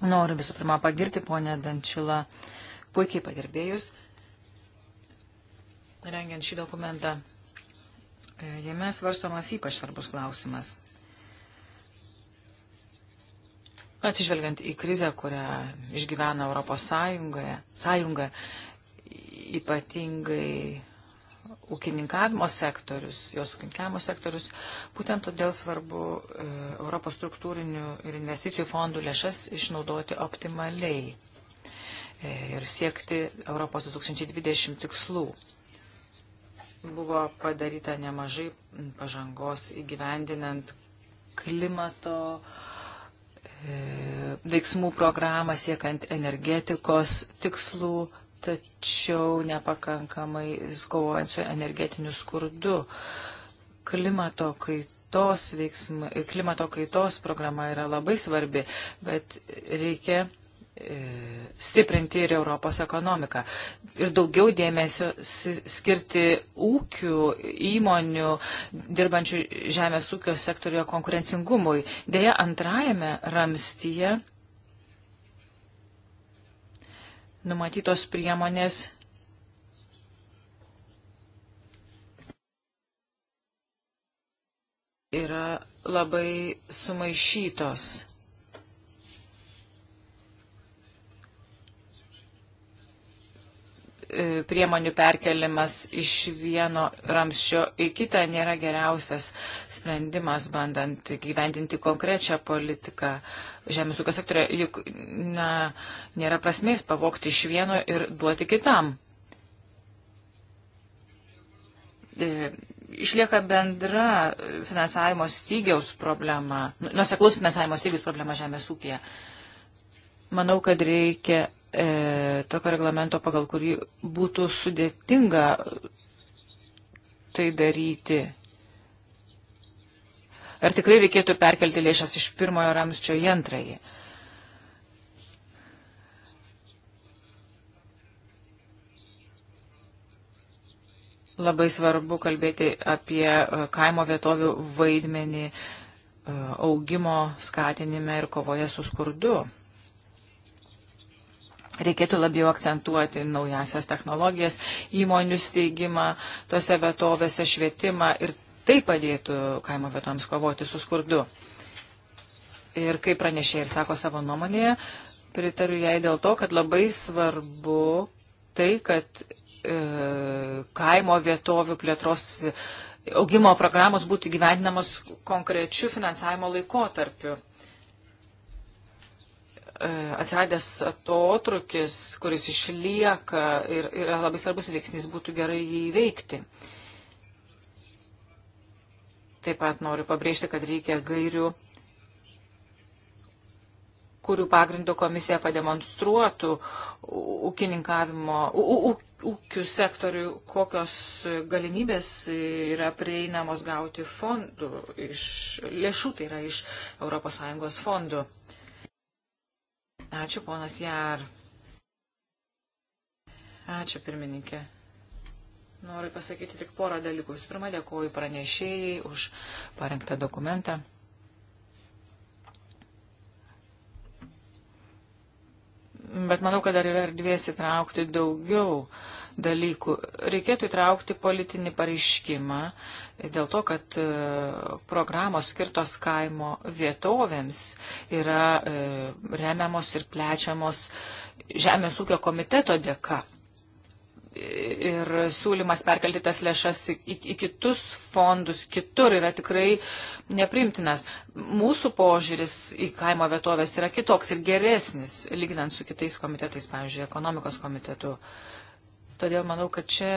Noriu visų pirma pagirti ponę Dančilą, puikiai padirbėjus, rengiant šį dokumentą. E, jame svarstomas ypač svarbus klausimas. Atsižvelgiant į krizę, kurią išgyvena Europos Sąjungoje, sąjunga, ypatingai ūkininkavimo sektorius, jos ūkininkavimo sektorius. Būtent todėl svarbu e, Europos struktūrinių ir investicijų fondų lėšas išnaudoti optimaliai e, ir siekti Europos 2020 tikslų. Buvo padaryta nemažai pažangos įgyvendinant klimato e, E, veiksmų programą siekant energetikos tikslų, tačiau nepakankamai kovojant su energetiniu skurdu. Klimato kaitos, veiksmai, klimato kaitos programa yra labai svarbi, bet reikia E, stiprinti ir Europos ekonomiką. Ir daugiau dėmesio skirti ūkių, įmonių, dirbančių žemės ūkio sektorio konkurencingumui. Deja, antrajame ramstyje numatytos priemonės yra labai sumaišytos. E, priemonių perkelimas iš vieno ramščio į kitą nėra geriausias sprendimas, bandant gyvendinti konkrečią politiką žemės ūkio sektorė, juk na, nėra prasmės pavokti iš vieno ir duoti kitam. E, išlieka bendra finansavimo stygiaus problema, nuseklus finansavimo stygiaus problema žemės ūkija. Manau, kad reikia e, tokio reglamento, pagal kurį būtų sudėtinga tai daryti. Ar tikrai reikėtų perkelti lėšas iš pirmojo ramsčio į antrąjį? Labai svarbu kalbėti apie e, kaimo vietovių vaidmenį e, augimo skatinime ir kovoje su skurdu. Reikėtų labiau akcentuoti naujasias technologijas, įmonių steigimą, tose vietovėse švietimą ir tai padėtų kaimo vietoms kovoti su skurdu. Ir kaip pranešė ir sako savo nuomonėje, pritariu jai dėl to, kad labai svarbu tai, kad e, kaimo vietovių plėtros e, augimo programos būtų gyvendinamos konkrečių finansavimo laikotarpiu. E, atsiradęs atotrukis, kuris išlieka ir yra labai svarbus veiksnys, būtų gerai jį įveikti. Taip pat noriu pabrėžti, kad reikia gairių, kurių pagrindo komisija pademonstruotų ūkininkavimo, ūkių sektorių, kokios galimybės yra prieinamos gauti fondų, iš lėšų, tai yra iš ES fondų. Ačiū, ponas Jar. Ačiū, pirmininkė. Noriu pasakyti tik porą dalykų. Visų pirma, dėkoju pranešėjai už parengtą dokumentą. Bet manau, kad dar yra erdvės įtraukti daugiau uh, dalykų. Reikėtų įtraukti politinį pareiškimą dėl to, kad e, programos skirtos kaimo vietovėms yra e, remiamos ir plečiamos Žemės ūkio komiteto dėka. Ir siūlymas perkelti tas lėšas į, į, į kitus fondus, kitur yra tikrai neprimtinas. Mūsų požiūris į kaimo vietovės yra kitoks ir geresnis, lyginant su kitais komitetais, pavyzdžiui, ekonomikos komitetu. Uh, Todėl manau, kad, čia,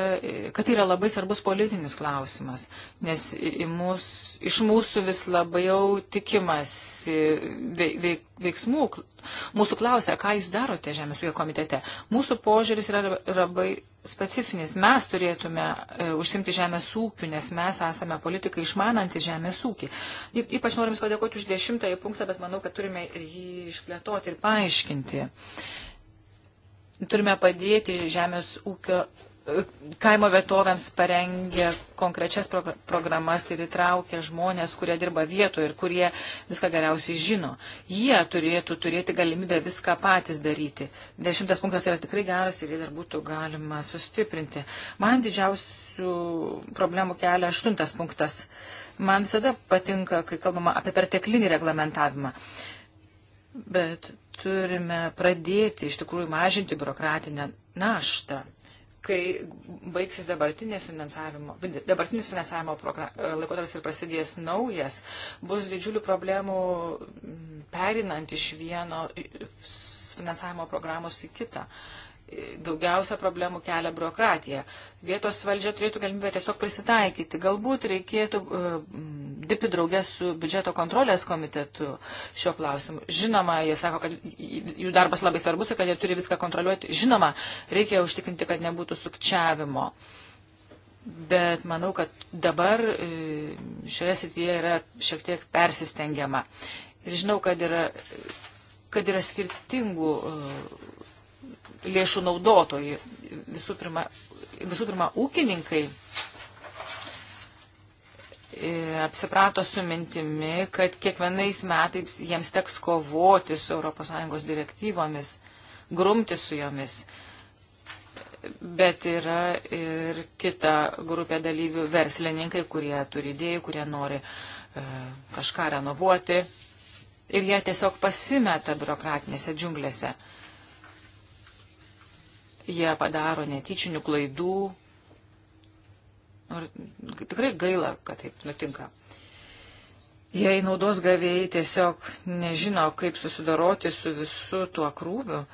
kad tai yra labai svarbus politinis klausimas, nes mūs, iš mūsų vis labiau tikimas veik, veiksmų. Mūsų klausia, ką jūs darote Žemės ūkio komitete. Mūsų požiūris yra labai specifinis. Mes turėtume e, užsimti žemės ūkiu, nes mes esame politikai išmanantis žemės ūkį. Ypač norim padėkoti už dešimtąjį punktą, bet manau, kad turime jį išplėtoti ir paaiškinti. Uh, turime padėti žemės ūkio e, kaimo vietovėms parengia konkrečias pro programas ir įtraukia žmonės, kurie dirba vietoje ir kurie viską geriausiai žino. Jie turėtų turėti galimybę viską patys daryti. Dešimtas punktas yra tikrai geras ir jį dar būtų galima sustiprinti. Man didžiausių problemų kelia aštuntas punktas. Man visada patinka, kai kalbama apie perteklinį reglamentavimą. Bet turime pradėti iš tikrųjų mažinti biurokratinę naštą, kai baigsis dabartinė finansavimo, dabartinis finansavimo laikotarpis ir prasidės naujas, bus didžiulių problemų perinant iš vieno finansavimo programos į kitą daugiausia problemų kelia biurokratija. Vietos valdžia turėtų galimybę tiesiog prisitaikyti. Galbūt reikėtų uh, dirbti draugę su biudžeto kontrolės komitetu šio klausimu. Žinoma, jie sako, kad jų darbas labai svarbus ir kad jie turi viską kontroliuoti. Žinoma, reikia užtikrinti, kad nebūtų sukčiavimo. Bet manau, kad dabar e, šioje srityje yra šiek tiek persistengiama. Ir žinau, kad yra, kad yra skirtingų uh, lėšų naudotojai. Visų pirma, visų pirma ūkininkai e, apsiprato su mintimi, kad kiekvienais metais jiems teks kovoti su ES direktyvomis, grumti su jomis. Bet yra ir kita grupė dalyvių - verslininkai, kurie turi idėjų, kurie nori e, kažką renovuoti. Ir jie tiesiog pasimeta biurokratinėse džiunglėse. E, jie padaro netyčinių klaidų. Ir tikrai gaila, kad taip nutinka. Jei naudos gavėjai tiesiog nežino, kaip susidoroti su visu tuo krūviu,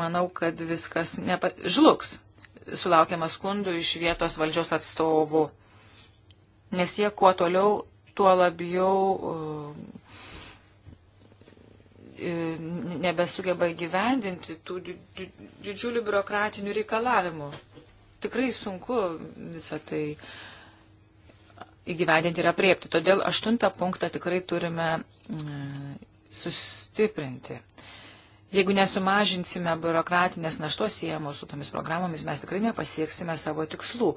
manau, kad viskas nepa... žlugs. Sulaukiama skundų iš vietos valdžios atstovų, nes jie kuo toliau, tuo labiau uh, E, nebesugeba įgyvendinti tų didžiulių biurokratinių reikalavimų. Tikrai sunku visą tai įgyvendinti ir apriepti. Todėl aštuntą punktą tikrai turime e, sustiprinti. Jeigu nesumažinsime biurokratinės naštos siejamos su tomis programomis, mes tikrai nepasieksime savo tikslų.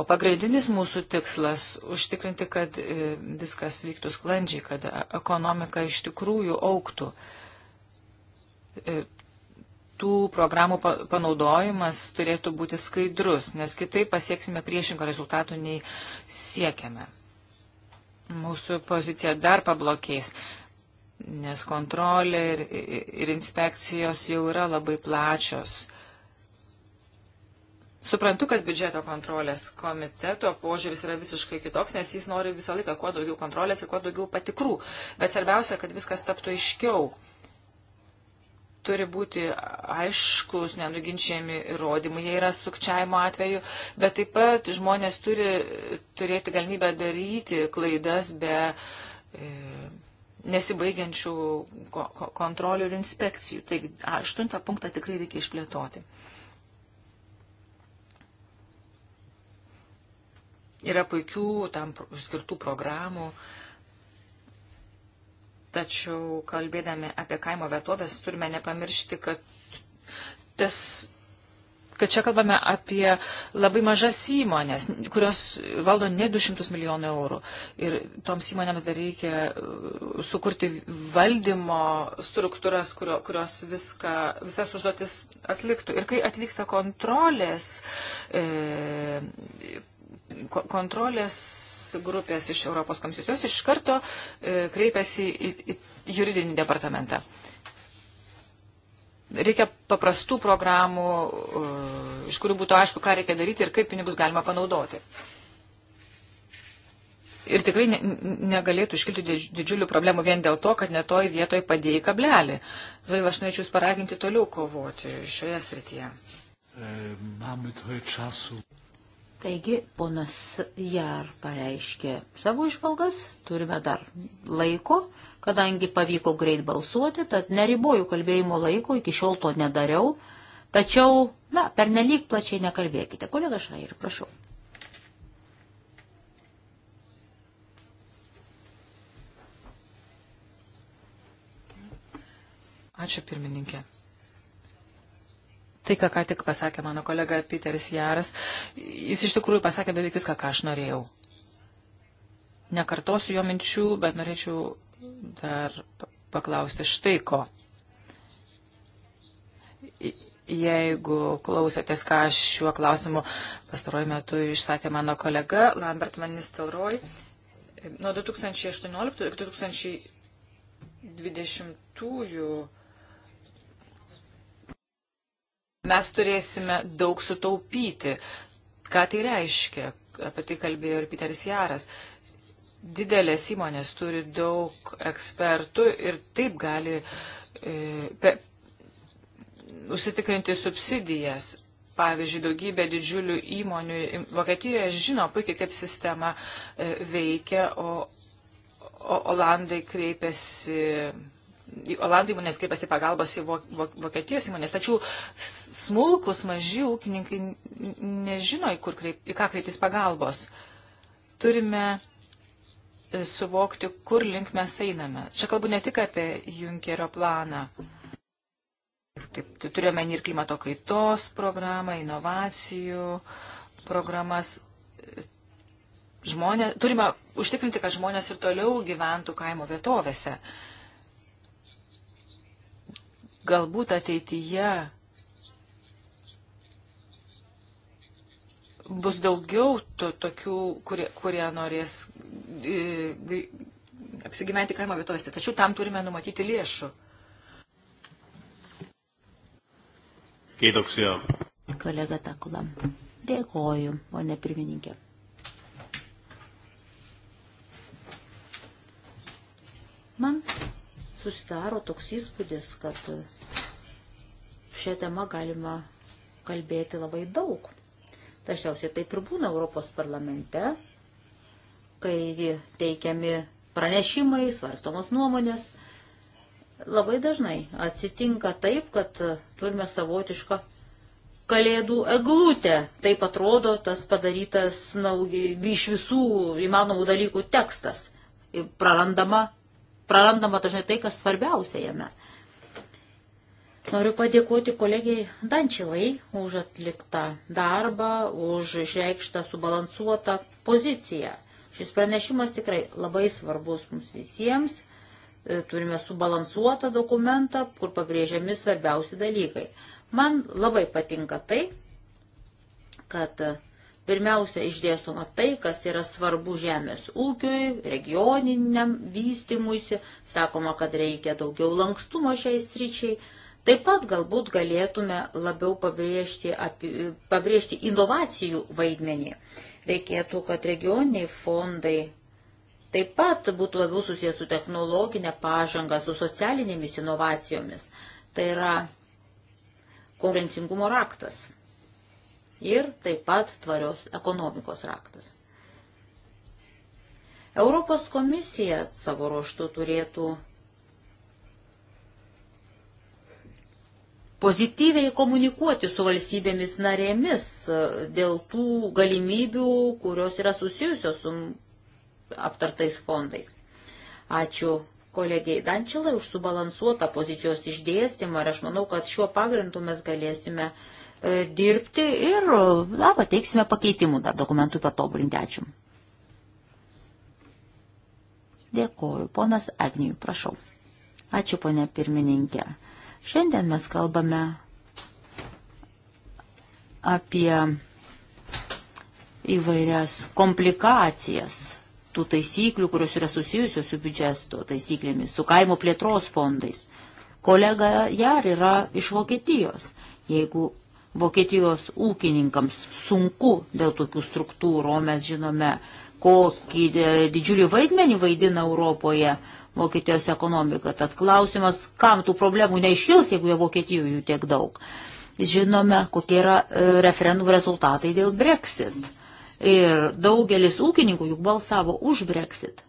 O pagrindinis mūsų tikslas - užtikrinti, kad e, viskas vyktų sklandžiai, kad ekonomika iš tikrųjų auktų. E, tų programų panaudojimas turėtų būti skaidrus, nes kitaip pasieksime priešingą rezultatų nei siekiame. Mūsų pozicija dar pablokės, nes kontrolė ir, ir inspekcijos jau yra labai plačios. Suprantu, kad biudžeto kontrolės komiteto požiūris yra visiškai kitoks, nes jis nori visą laiką kuo daugiau kontrolės ir kuo daugiau patikrų. Bet svarbiausia, kad viskas taptų aiškiau turi būti aiškus, nenuginčiami įrodymai, jie yra sukčiavimo atveju, bet taip pat žmonės turi turėti galimybę daryti klaidas be e, nesibaigiančių ko, ko, kontrolių ir inspekcijų. Taigi, aštuntą punktą tikrai reikia išplėtoti. Yra puikių tam skirtų programų. E, Tačiau kalbėdami apie kaimo vietovės turime nepamiršti, kad, tas, kad čia kalbame apie labai mažas įmonės, kurios valdo ne 200 milijonų eurų. Ir toms įmonėms dar reikia uh, sukurti valdymo struktūras, kurio, kurios viską, visas užduotis atliktų. Ir kai atvyksta kontrolės. E, kontrolės grupės iš Europos komisijos, jos iš karto e, kreipiasi į, į, į juridinį departamentą. Reikia paprastų programų, e, iš kurių būtų aišku, ką reikia daryti ir kaip pinigus galima panaudoti. Ir tikrai ne, negalėtų iškilti didžiulių problemų vien dėl to, kad netoj vietoj padėjai kablelį. Todėl aš norėčiau jūs paraginti toliau kovoti šioje srityje. E, mamy troje časų. Taigi, ponas Jar pareiškė savo išvalgas, turime dar laiko, kadangi pavyko greit balsuoti, tad neriboju kalbėjimo laiko, iki šiol to nedariau, tačiau, na, pernelyg plačiai nekalbėkite. Kolega Šrair, prašau. Ačiū pirmininkė tai, ką, ką tik pasakė mano kolega Peteris Jaras, jis iš tikrųjų pasakė beveik viską, ką aš norėjau. Nekartosiu jo minčių, bet norėčiau dar paklausti štai ko. Jeigu klausėtės, ką šiuo klausimu pastaruoju metu išsakė mano kolega Lambert Manistelroj, nuo 2018 iki 2020 mes turėsime daug sutaupyti. Ką tai reiškia? Apie tai kalbėjo ir Piteris Jaras. Didelės įmonės turi daug ekspertų ir taip gali e, pe, užsitikrinti subsidijas. Pavyzdžiui, daugybė didžiulių įmonių Vokietijoje žino puikiai, kaip sistema e, veikia, o, o Olandai kreipiasi Olandų įmonės kreipiasi pagalbos į Vokietijos įmonės, tačiau smulkus, maži ūkininkai nežino, į, kreip, į ką kreiptis pagalbos. Turime e, suvokti, kur link mes einame. Čia kalbu ne tik apie Junkerio planą. Taip, tai turėjome ir klimato kaitos programą, inovacijų programas. Žmonė, turime užtikrinti, kad žmonės ir toliau gyventų kaimo vietovėse. Uh, Galbūt ateityje bus daugiau to, tokių, kurie, kurie norės e, apsigyventi kaimo vietovėse. Tačiau tam turime numatyti lėšų. Kiitoksia. Kolega Takula. Dėkoju, o ne pirmininkė. susidaro toks įspūdis, kad šią temą galima kalbėti labai daug. Tačiausiai taip ir būna Europos parlamente, kai teikiami pranešimai, svarstomos nuomonės. Labai dažnai atsitinka taip, kad turime savotišką kalėdų eglutę. Taip atrodo tas padarytas na, iš visų įmanomų dalykų tekstas. Prarandama prarandama dažnai tai, kas svarbiausia jame. Noriu padėkoti kolegiai Dančilai už atliktą darbą, už išreikštą subalansuotą poziciją. Šis pranešimas tikrai labai svarbus mums visiems. E, turime subalansuotą dokumentą, kur pabrėžiami svarbiausi dalykai. Man labai patinka tai, kad pirmiausia išdėstoma tai, kas yra svarbu žemės ūkiui, regioniniam vystimuisi, sakoma, kad reikia daugiau lankstumo šiai sričiai. Taip pat galbūt galėtume labiau pabrėžti, apie, pabrėžti inovacijų vaidmenį. Reikėtų, kad regioniniai fondai taip pat būtų labiau susijęs su technologinė pažanga, su socialinėmis inovacijomis. Tai yra konkurencingumo raktas ir taip pat tvarios ekonomikos raktas. Europos komisija savo ruoštų turėtų pozityviai komunikuoti su valstybėmis narėmis e, dėl tų galimybių, kurios yra susijusios su aptartais fondais. Ačiū kolegiai Dančilai už subalansuotą pozicijos išdėstymą ir aš manau, kad šiuo pagrindu mes galėsime uh, E, dirbti ir na, pateiksime pakeitimų dar dokumentui patobulinti. Ačiū. Dėkoju. Ponas Agnijų, prašau. Ačiū, ponė pirmininkė. Šiandien mes kalbame apie įvairias komplikacijas tų taisyklių, kurios yra susijusios su biudžeto taisyklėmis, su kaimo plėtros fondais. Kolega Jar yra iš Vokietijos. Jeigu Vokietijos ūkininkams sunku dėl tokių struktūrų, o mes žinome, kokį didžiulį vaidmenį vaidina Europoje Vokietijos ekonomika. Tad klausimas, kam tų problemų neiškils, jeigu jie Vokietijoje jų tiek daug. Žinome, kokie yra e, referendumų rezultatai dėl Brexit. Ir daugelis ūkininkų juk balsavo už Brexit.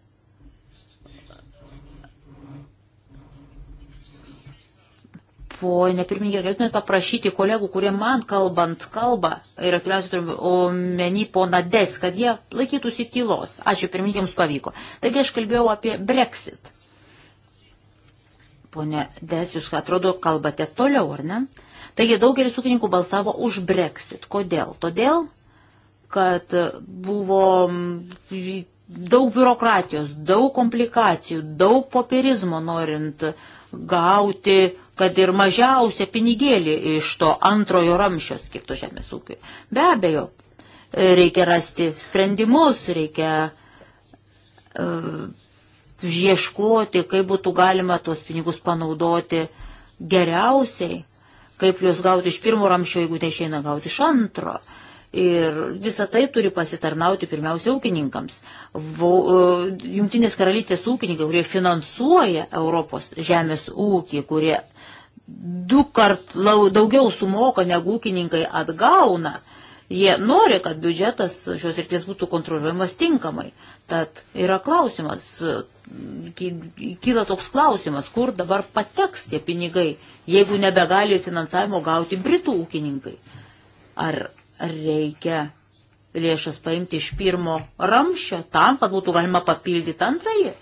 Pone pirmininkė, galėtumėte paprašyti kolegų, kurie man kalbant kalba, ir pirmiausia turime omeny pona Des, kad jie laikytųsi tylos. Ačiū, pirmininkė, jums pavyko. Taigi aš kalbėjau apie Brexit. Pone Des, jūs atrodo kalbate toliau, ar ne? Taigi daugelis ūkininkų balsavo už Brexit. Kodėl? Todėl, kad buvo daug biurokratijos, daug komplikacijų, daug popierizmo norint gauti kad ir mažiausia pinigėlį iš to antrojo ramščio skirto žemės ūkiui. Be abejo, e, reikia rasti sprendimus, reikia uh, ieškoti, kaip būtų galima tuos pinigus panaudoti geriausiai, kaip juos gauti iš pirmo ramščio, jeigu neišeina gauti iš antro. Ir visa tai turi pasitarnauti pirmiausia ūkininkams. Vau, e, jungtinės karalystės ūkininkai, kurie finansuoja Europos žemės ūkį, kurie du kart lau, daugiau sumoka negu ūkininkai atgauna. Jie nori, kad biudžetas šios ryties būtų kontroliuojamas tinkamai. Tad yra klausimas, kyla toks klausimas, kur dabar pateks tie pinigai, jeigu nebegali finansavimo gauti britų ūkininkai. Ar reikia lėšas paimti iš pirmo ramščio tam, kad būtų galima papildyti antrąjį?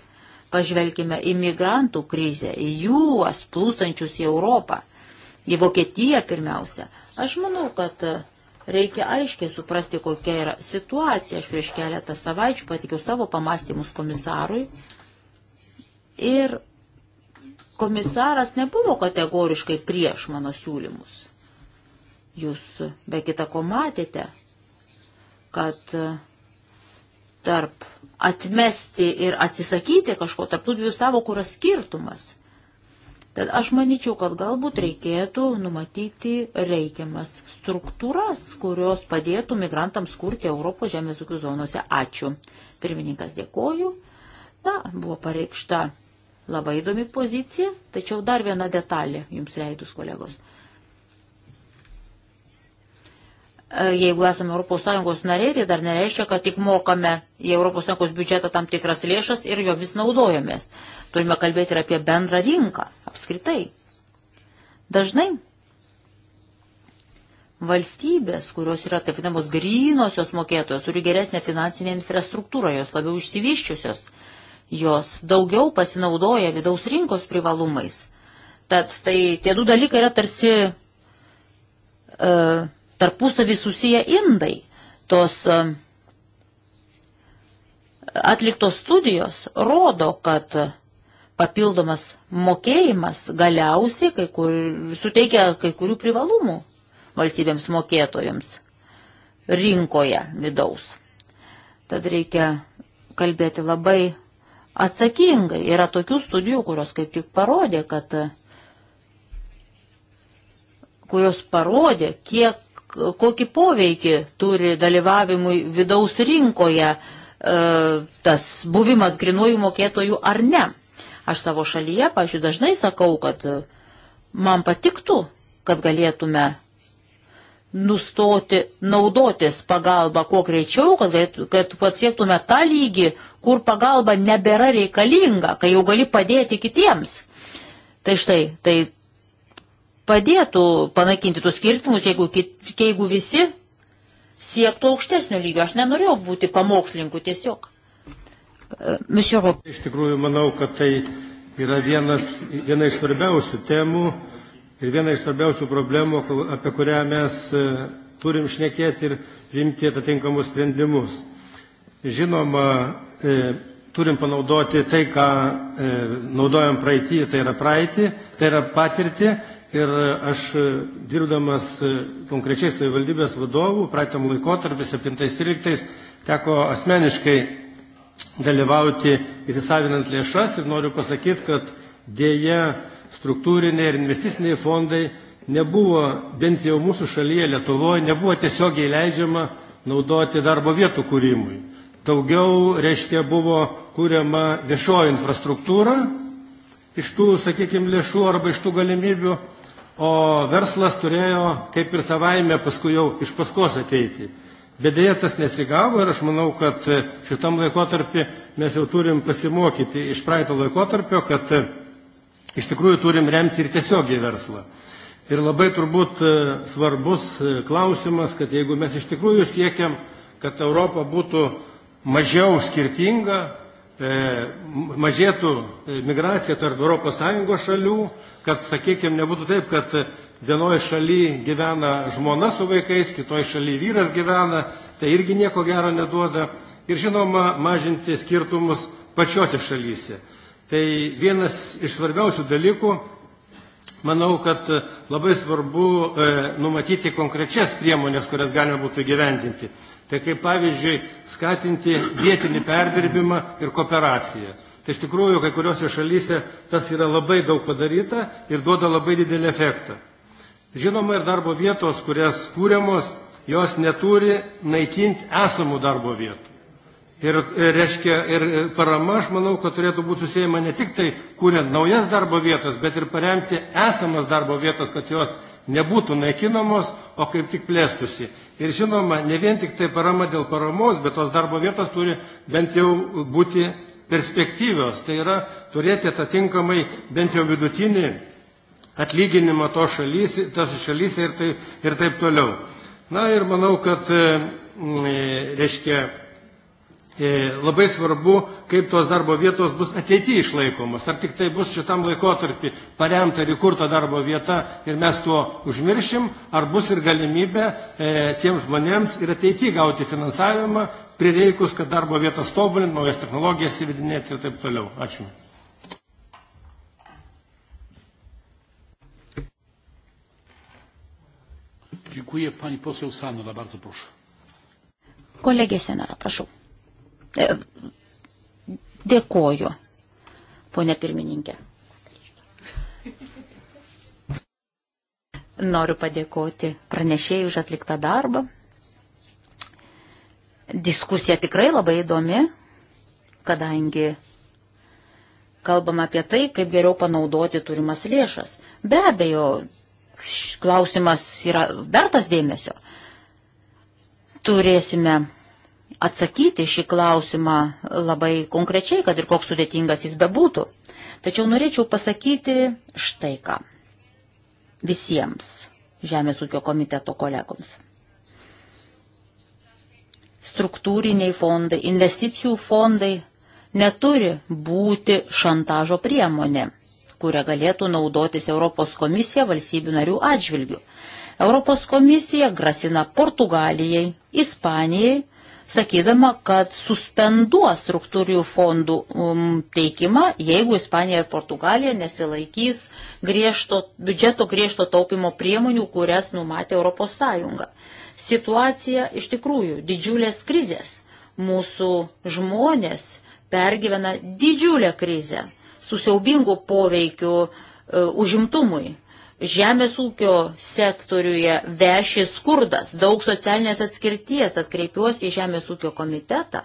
Pažvelkime į migrantų krizę, į juos plūstančius į Europą, į Vokietiją pirmiausia. Aš manau, kad reikia aiškiai suprasti, kokia yra situacija. Aš prieš keletą savaičių patikiau savo pamastymus komisarui ir komisaras nebuvo kategoriškai prieš mano siūlymus. Jūs be kita ko matėte, kad tarp atmesti ir atsisakyti kažko tarptų dviejų savokų yra skirtumas. Tad aš manyčiau, kad galbūt reikėtų numatyti reikiamas struktūras, kurios padėtų migrantams kurti Europos žemės ūkių zonose. Ačiū. Pirmininkas dėkoju. Na, buvo pareikšta labai įdomi pozicija, tačiau dar viena detalė jums leidus, kolegos. E, jeigu esame ES nariai, tai dar nereiškia, kad tik mokame į ES biudžetą tam tikras lėšas ir jomis naudojomės. Turime kalbėti ir apie bendrą rinką apskritai. Dažnai valstybės, kurios yra taip vadinamos grynosios mokėtojos, turi geresnę finansinę infrastruktūrą, jos labiau išsivyščiusios, jos daugiau pasinaudoja vidaus rinkos privalumais. Tad tai tie du dalykai yra tarsi uh, tarpusavį susiję indai. Tos e, atliktos studijos rodo, kad papildomas mokėjimas galiausiai kai kur, suteikia kai kurių privalumų valstybėms mokėtojams rinkoje vidaus. Tad reikia kalbėti labai atsakingai. Yra tokių studijų, kurios kaip tik parodė, kad kurios parodė, kiek kokį poveikį turi dalyvavimui vidaus rinkoje e, tas buvimas grinuojų mokėtojų ar ne. Aš savo šalyje, pažiūrėjau, dažnai sakau, kad e, man patiktų, kad galėtume nustoti naudotis pagalba kuo greičiau, kad, galėtų, kad pasiektume tą lygį, kur pagalba nebėra reikalinga, kai jau gali padėti kitiems. Tai štai, tai padėtų panaikinti tuos skirtumus, jeigu, jeigu visi siektų aukštesnio lygio. Aš nenorėjau būti pamokslininku tiesiog. E, monsieur... Iš tikrųjų, manau, kad tai yra vienas, viena iš svarbiausių temų ir viena iš svarbiausių problemų, apie kurią mes e, turim šnekėti ir rimti atitinkamus sprendimus. Žinoma, e, turim panaudoti tai, ką naudojam praeitį, tai yra praeitį, tai yra patirtį Ir e, aš e, dirbdamas e, konkrečiai savivaldybės vadovų, praeitam laikotarpį 17-13 teko asmeniškai dalyvauti įsisavinant lėšas ir noriu pasakyti, kad dėja struktūriniai ir investiciniai fondai nebuvo, bent jau mūsų šalyje Lietuvoje, nebuvo tiesiogiai leidžiama naudoti darbo vietų kūrimui. Daugiau, reiškia, buvo kūriama viešoji infrastruktūra iš tų, sakykime, lėšų arba iš tų galimybių o verslas turėjo kaip ir savaime paskui jau iš paskos ateiti. Bet dėja tas nesigavo ir aš manau, kad šitam laikotarpį mes jau turim pasimokyti iš praeito laikotarpio, kad e, iš tikrųjų turim remti ir tiesiogiai verslą. Ir labai turbūt e, svarbus e, klausimas, kad jeigu mes iš tikrųjų siekiam, kad Europa būtų mažiau skirtinga, mažėtų migracija tarp ES šalių, kad, sakykime, nebūtų taip, kad vienoje šalyje gyvena žmona su vaikais, kitoje šalyje vyras gyvena, tai irgi nieko gero neduoda. Ir žinoma, mažinti skirtumus pačiose šalyse. Tai vienas iš svarbiausių dalykų, manau, kad labai svarbu e, numatyti konkrečias priemonės, kurias galima būtų gyvendinti. Tai kaip pavyzdžiui, skatinti vietinį perdirbimą ir kooperaciją. Tai iš tikrųjų, kai kuriuose šalyse tas yra labai daug padaryta ir duoda labai didelį efektą. Žinoma, ir darbo vietos, kurias kūriamos, jos neturi naikinti esamų darbo vietų. Ir, reiškia, ir parama, aš manau, kad turėtų būti susijęma ne tik tai kuriant naujas darbo vietas, bet ir paremti esamas darbo vietas, kad jos nebūtų naikinamos, o kaip tik plėstusi. Ir žinoma, ne vien tik tai parama dėl paramos, bet tos darbo vietos turi bent jau būti perspektyvios, tai yra turėti atitinkamai bent jau vidutinį atlyginimą to šalys, tos šalyse ir, tai, ir taip toliau. Na ir manau, kad e, e, reiškia E, labai svarbu, kaip tos darbo vietos bus ateityje išlaikomos. Ar tik tai bus šitam laikotarpį paremta ir įkurta darbo vieta ir mes tuo užmiršim, ar bus ir galimybė e, tiem žmonėms ir ateityje gauti finansavimą, prireikus, kad darbo vietos tobulint, naujas technologijas įvedinėti ir taip toliau. Ačiū. Dziękuję. Pani poseł Sanora, bardzo proszę. Kolegė Senora, prašau. E, dėkoju, ponė pirmininkė. Noriu padėkoti pranešėjai už atliktą darbą. Diskusija tikrai labai įdomi, kadangi kalbam apie tai, kaip geriau panaudoti turimas lėšas. Be abejo, klausimas yra vertas dėmesio. Turėsime atsakyti šį klausimą labai konkrečiai, kad ir koks sudėtingas jis bebūtų. Tačiau norėčiau pasakyti štai ką visiems Žemės ūkio komiteto kolegoms. Struktūriniai fondai, investicijų fondai neturi būti šantažo priemonė, kurią galėtų naudotis Europos komisija valstybių narių atžvilgių. Europos komisija grasina Portugalijai, Ispanijai, sakydama, kad suspenduos struktūrių fondų um, teikimą, jeigu Ispanija ir Portugalija nesilaikys griežto, biudžeto griežto taupimo priemonių, kurias numatė ES. Situacija iš tikrųjų didžiulės krizės. Mūsų žmonės pergyvena didžiulę krizę su siaubingu poveikiu e, užimtumui žemės ūkio sektoriuje veši skurdas, daug socialinės atskirties, tad kreipiuosi į žemės ūkio komitetą,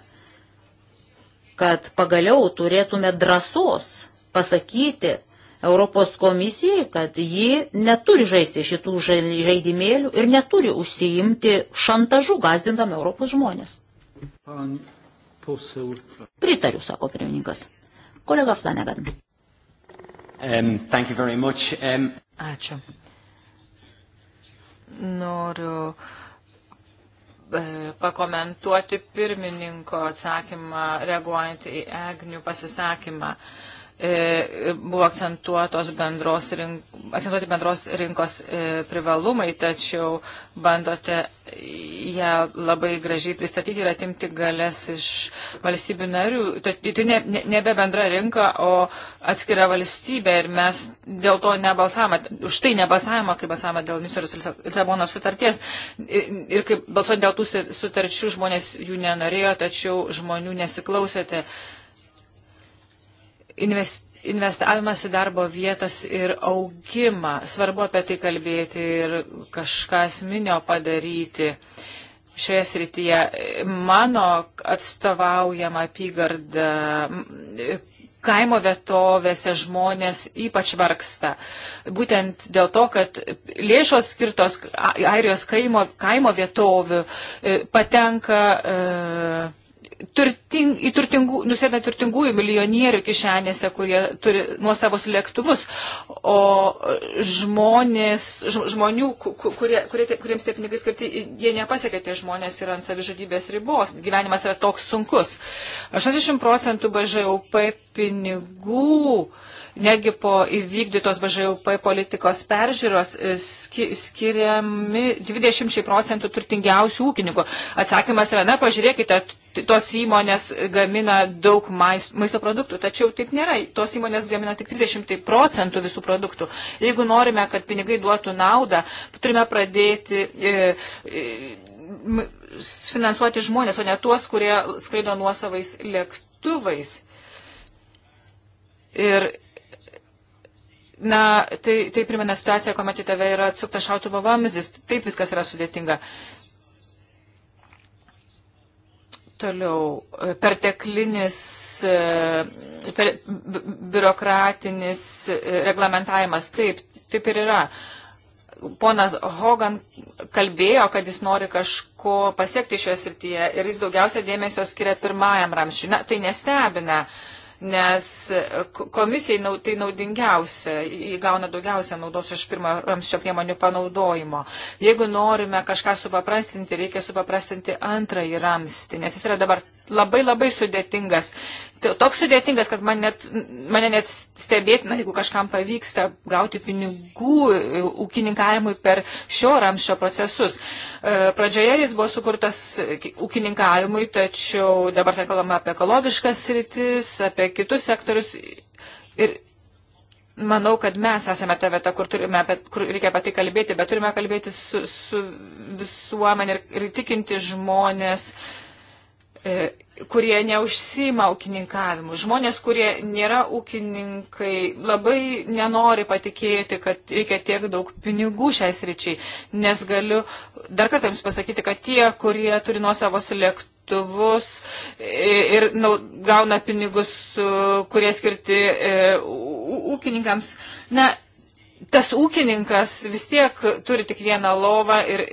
kad pagaliau turėtume drąsos pasakyti Europos komisijai, kad ji neturi žaisti šitų žaidimėlių ir neturi užsiimti šantažu gazdindam Europos žmonės. Pritariu, sako pirmininkas. Kolega Flanagan. Um, um... Ačiū. Noriu e, pakomentuoti pirmininko atsakymą, reaguojant į Egnių pasisakymą. E, E, buvo akcentuotos bendros, rink, akcentuoti bendros rinkos e, privalumai, tačiau bandote ją labai gražiai pristatyti ir atimti galės iš valstybių narių. Tai, tai, tai ne, ne, nebe bendra rinka, o atskira valstybė ir mes dėl to nebalsavome, už tai nebalsavome, kai balsavome dėl Nisorius ir Lisabono sutarties. Ir, ir kaip balsuojant dėl tų sutarčių žmonės jų nenorėjo, tačiau žmonių nesiklausėte. Tai investavimas į darbo vietas ir augimą. Svarbu apie tai kalbėti ir kažką asminio padaryti. Šioje srityje mano atstovaujama apygarda kaimo vietovėse žmonės ypač vargsta. Būtent dėl to, kad lėšos skirtos airijos kaimo, kaimo vietovių e, patenka e, turting, į turtingų, nusėda turtingųjų milijonierių kišenėse, kurie turi nuosavus lėktuvus, o žmonės, žmonių, kurie, kurie, kuriems tie pinigai skirti, jie nepasiekia, tie žmonės yra ant savižudybės ribos, gyvenimas yra toks sunkus. 80 procentų BŽUP pinigų uh, negi po įvykdytos BŽUP politikos peržiūros e, skiriami 20 procentų turtingiausių ūkininkų. Atsakymas yra, na, pažiūrėkite, tos įmonės gamina daug maisto produktų, tačiau taip nėra. Tos įmonės gamina tik 30 procentų visų produktų. Jeigu norime, kad pinigai duotų naudą, turime pradėti. E, e, finansuoti žmonės, o ne tuos, kurie skraido nuosavais lėktuvais. Ir Na, tai, tai primena situaciją, kuomet į tave yra atsukta šautuvo vamzdis. Taip viskas yra sudėtinga. Toliau, perteklinis e, per, biurokratinis e, reglamentavimas. Taip, taip ir yra. Ponas Hogan kalbėjo, kad jis nori kažko pasiekti šioje srityje ir jis daugiausia dėmesio skiria pirmajam ramščiui. Na, tai nestebina. Uh, nes komisijai tai naudingiausia, įgauna daugiausia naudos iš pirmo ramščio priemonių panaudojimo. Jeigu norime kažką supaprastinti, reikia supaprastinti antrąjį ramstį, nes jis yra dabar labai labai sudėtingas. Toks sudėtingas, kad man net, mane net stebėtina, jeigu kažkam pavyksta gauti pinigų e, ūkininkavimui per šio ramščio procesus. E, pradžioje jis buvo sukurtas ūkininkavimui, tačiau dabar tai kalbama apie ekologiškas sritis, apie kitus sektorius. Ir manau, kad mes esame ta vieta, kur, turime, kur reikia apie tai kalbėti, bet turime kalbėti su, su visuomenė ir, ir tikinti žmonės e, kurie neužsima ūkininkavimu. Žmonės, kurie nėra ūkininkai, labai nenori patikėti, kad reikia tiek daug pinigų šiais ryčiai, nes galiu dar kartą jums pasakyti, kad tie, kurie turi nuo savo lėktuvų, lėktuvus ir nu, gauna pinigus, kurie skirti e, ūkininkams. Na, tas ūkininkas vis tiek turi tik vieną lovą ir,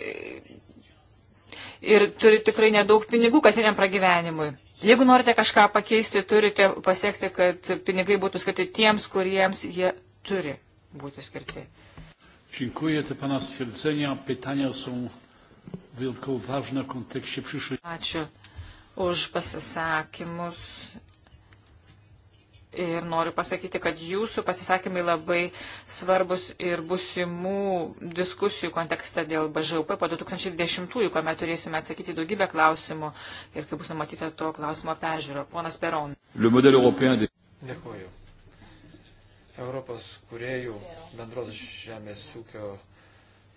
ir turi tikrai nedaug pinigų kasdieniam pragyvenimui. Jeigu norite kažką pakeisti, turite pasiekti, kad pinigai būtų skirti tiems, kuriems jie turi būti skirti. Dziękuję. Te Pana stwierdzenia, pytania są Ačiū už pasisakymus. Ir noriu pasakyti, kad jūsų pasisakymai labai svarbus ir busimų diskusijų kontekste dėl BŽUP po 2010-ųjų, kuomet turėsime atsakyti daugybę klausimų ir kaip bus numatyta to klausimo peržiūro. Ponas Peron. Dėkuoju. Europos kuriejų bendros žemės ūkio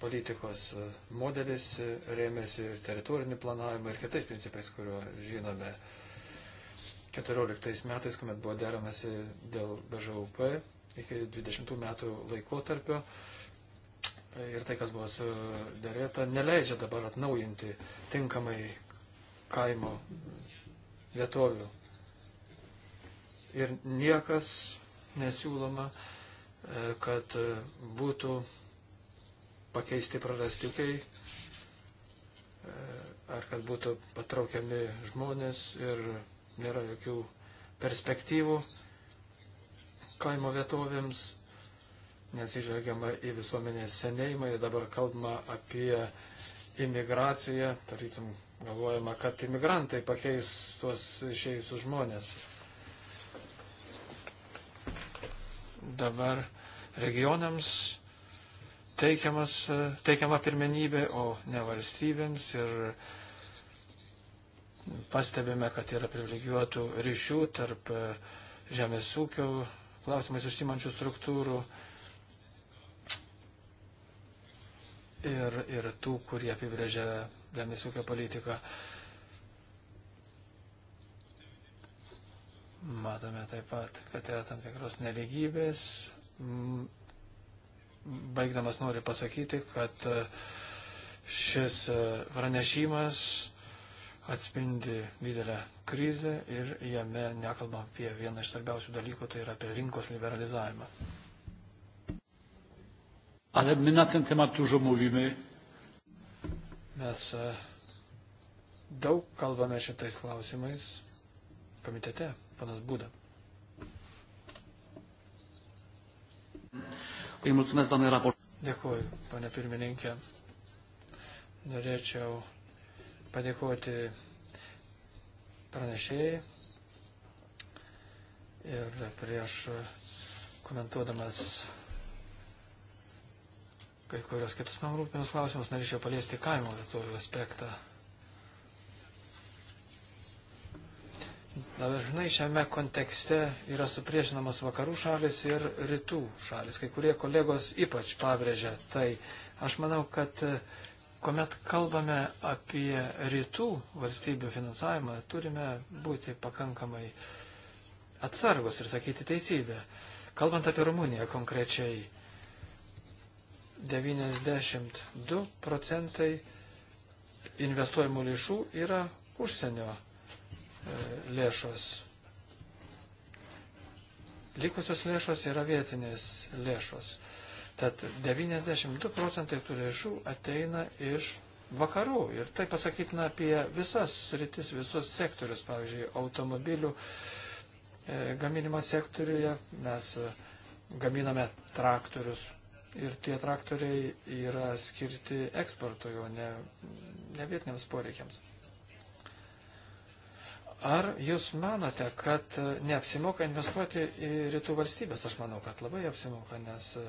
politikos e, modelis e, rėmėsi teritorinį planavimą ir kitais principais, kuriuo žinome. 14 metais, kuomet buvo deramasi dėl BŽUP iki 20 metų laikotarpio e, ir tai, kas buvo sudarėta, neleidžia dabar atnaujinti tinkamai kaimo vietovių. Ir niekas nesiūloma, kad būtų pakeisti prarastikai, e, ar kad būtų patraukiami žmonės ir nėra jokių perspektyvų kaimo vietovėms, nesižvelgiama į visuomenės senėjimą ir dabar kalbama apie imigraciją, tarytum galvojama, kad imigrantai pakeis tuos išėjusius žmonės. Dabar regionams teikiamas, e, teikiama pirmenybė, o ne valstybėms. Ir pastebime, kad yra privilegijuotų ryšių tarp e, žemės ūkio klausimais užsimančių struktūrų ir, ir tų, kurie apibrėžia žemės ūkio politiką. Matome taip pat, kad yra tam tikros neligybės baigdamas noriu pasakyti, kad e, šis e, pranešimas atspindi didelę krizę ir jame nekalbam apie vieną iš svarbiausių dalykų, tai yra apie rinkos liberalizavimą. Ale my na ten temat dużo mówimy. Mes e, daug kalbame šitais klausimais komitete, panas Būda. Îi mulțumesc, doamne raport. Dėkuoju, pane pirmininkė. Norėčiau padėkoti pranešėjai ir prieš komentuodamas kai kurios kitus man rūpimus klausimus norėčiau paliesti kaimo vietovių aspektą. Dažnai šiame kontekste yra supriešinamos vakarų šalis ir rytų šalis. Kai kurie kolegos ypač pabrėžia tai. Aš manau, kad e, kuomet kalbame apie rytų valstybių finansavimą, turime būti pakankamai atsargus ir sakyti teisybę. Kalbant apie Rumuniją konkrečiai, 92 procentai investuojamų lėšų yra užsienio lėšos. Likusios lėšos yra vietinės lėšos. Tad 92 procentai tų lėšų ateina iš vakarų. Ir tai pasakytina apie visas sritis, visus sektorius. Pavyzdžiui, automobilių e, gaminimo sektoriuje mes e, gaminame traktorius. Ir tie traktoriai yra skirti eksportui, o ne, ne vietiniams poreikiams. Ar jūs manote, kad neapsimoka investuoti į rytų valstybės? Aš manau, kad labai apsimoka, nes e,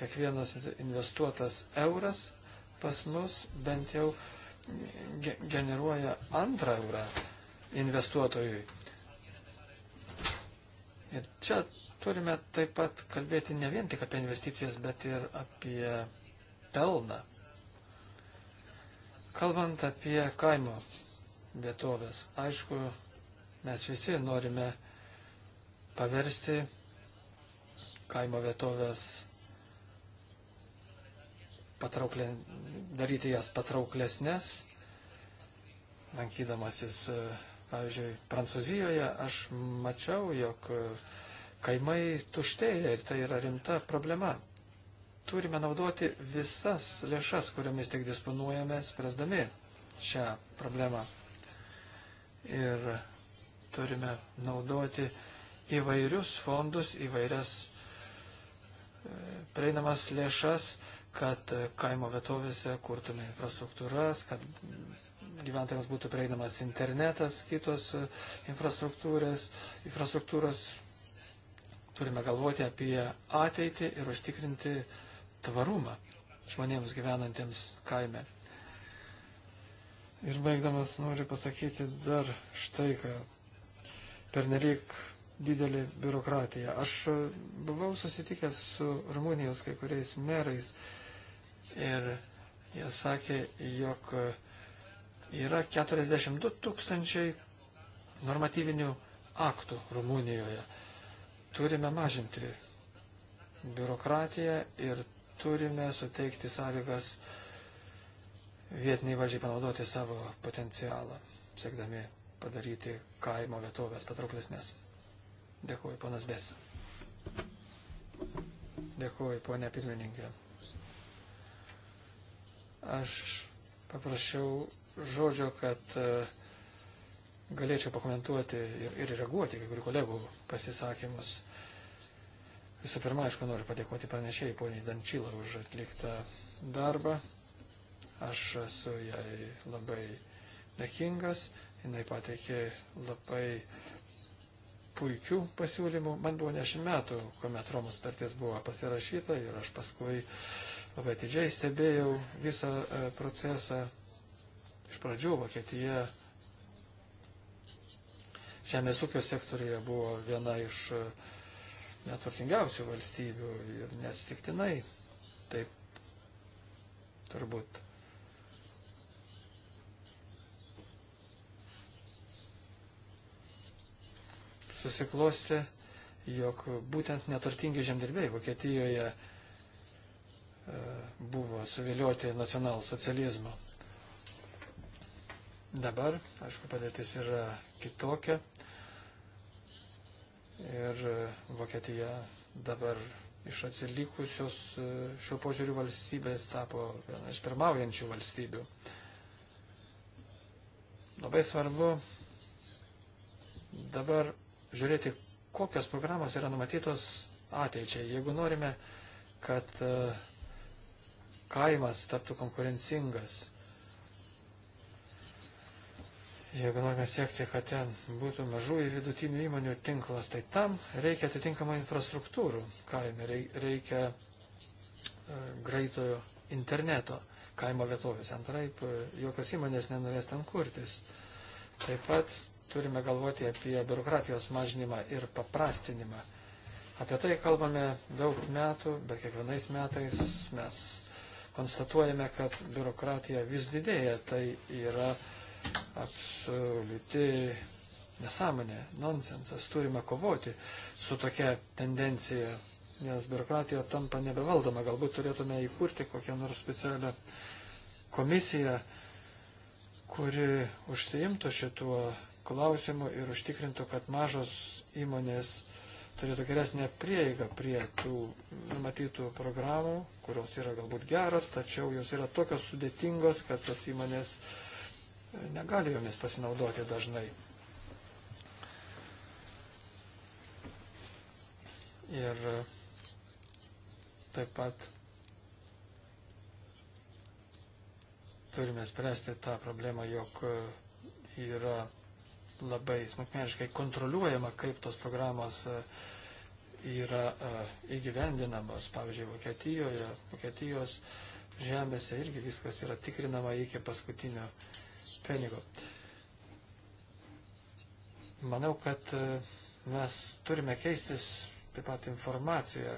kiekvienas investuotas euras pas mus bent jau generuoja antrą eurą investuotojui. Ir čia turime taip pat kalbėti ne vien tik apie investicijas, bet ir apie pelną. Kalbant apie kaimo vietovės, aišku, Mes visi norime paversti kaimo vietovės patrauklė, daryti jas patrauklesnės. Lankydamasis, pavyzdžiui, Prancūzijoje, aš mačiau, jog kaimai tuštėja ir tai yra rimta problema. Turime naudoti visas lėšas, kuriomis tik disponuojame, spręsdami šią problemą. Ir turime naudoti įvairius fondus, įvairias e, prieinamas lėšas, kad kaimo vietovėse kurtume infrastruktūras, kad gyventojams būtų prieinamas internetas, kitos e, infrastruktūros. infrastruktūros. Turime galvoti apie ateitį ir užtikrinti tvarumą žmonėms gyvenantiems kaime. Ir baigdamas noriu pasakyti dar štai, kad pernelyg didelį biurokratiją. Aš buvau susitikęs su Rumunijos kai kuriais merais ir jie sakė, jog yra 42 tūkstančiai normatyvinių aktų Rumunijoje. Turime mažinti biurokratiją ir turime suteikti sąlygas vietiniai valdžiai panaudoti savo potencialą, siekdami padaryti kaimo vietovės patrauklesnės. Dėkuoju, ponas Des. Dėkuoju, ponė pirmininkė. Aš paprašiau žodžio, kad e, galėčiau pakomentuoti ir, ir reaguoti kai kurių kolegų pasisakymus. Visų pirma, aišku, noriu padėkoti pranešėjai poniai Dančylą už atliktą darbą. Aš esu jai labai dėkingas jinai pateikė labai puikių pasiūlymų. Man buvo 10 metų, kuomet Romos sutartis buvo pasirašyta ir aš paskui labai atidžiai stebėjau visą e, procesą. Iš pradžių Vokietija žemės ūkio sektorija buvo viena iš e, neturtingiausių valstybių ir nestiktinai taip turbūt susiklosti, jog būtent neturtingi žemdirbėjai Vokietijoje e, buvo suvilioti nacionalsocializmo. Dabar, aišku, padėtis yra kitokia ir e, Vokietija dabar iš atsilikusios e, šiuo požiūriu valstybės tapo viena iš pirmaujančių valstybių. Labai svarbu dabar žiūrėti, kokios programos yra numatytos ateičiai. Jeigu norime, kad e, kaimas taptų konkurencingas, jeigu norime siekti, kad ten būtų mažų ir vidutinių įmonių tinklas, tai tam reikia atitinkamą infrastruktūrų kaime, reikia e, greitojo interneto kaimo vietovės. Antraip, e, jokios įmonės nenorės ten kurtis. Taip pat turime galvoti apie biurokratijos mažinimą ir paprastinimą. Apie tai kalbame daug metų, bet kiekvienais metais mes konstatuojame, kad biurokratija vis didėja. Tai yra absoliuti nesąmonė, nonsensas. Turime kovoti su tokia tendencija, nes biurokratija tampa nebevaldoma. Galbūt turėtume įkurti kokią nors specialią komisiją, kuri užsiimtų šituo klausimų ir užtikrintų, kad mažos įmonės turėtų geresnę prieigą prie tų numatytų programų, kurios yra galbūt geros, tačiau jos yra tokios sudėtingos, kad tos įmonės negali jomis pasinaudoti dažnai. Ir taip pat turime spręsti tą problemą, jog yra labai smulkmeniškai kontroliuojama, kaip tos programos e, yra e, įgyvendinamos. Pavyzdžiui, Vokietijoje, Vokietijos žemėse irgi viskas yra tikrinama iki paskutinio penigo. Manau, kad e, mes turime keistis taip pat informaciją,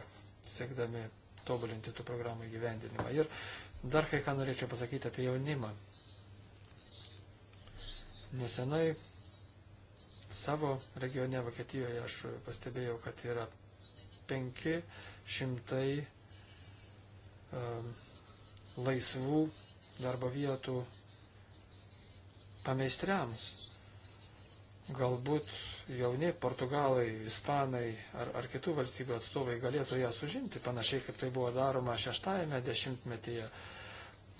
siekdami tobulinti tų programų įgyvendinimą. Ir dar kai ką norėčiau pasakyti apie jaunimą. Nesenai Savo regione Vokietijoje aš pastebėjau, kad yra 500 um, laisvų darbo vietų pameistriams. Galbūt jauni portugalai, ispanai ar, ar kitų valstybių atstovai galėtų ją sužinti, panašiai kaip tai buvo daroma šeštajame dešimtmetyje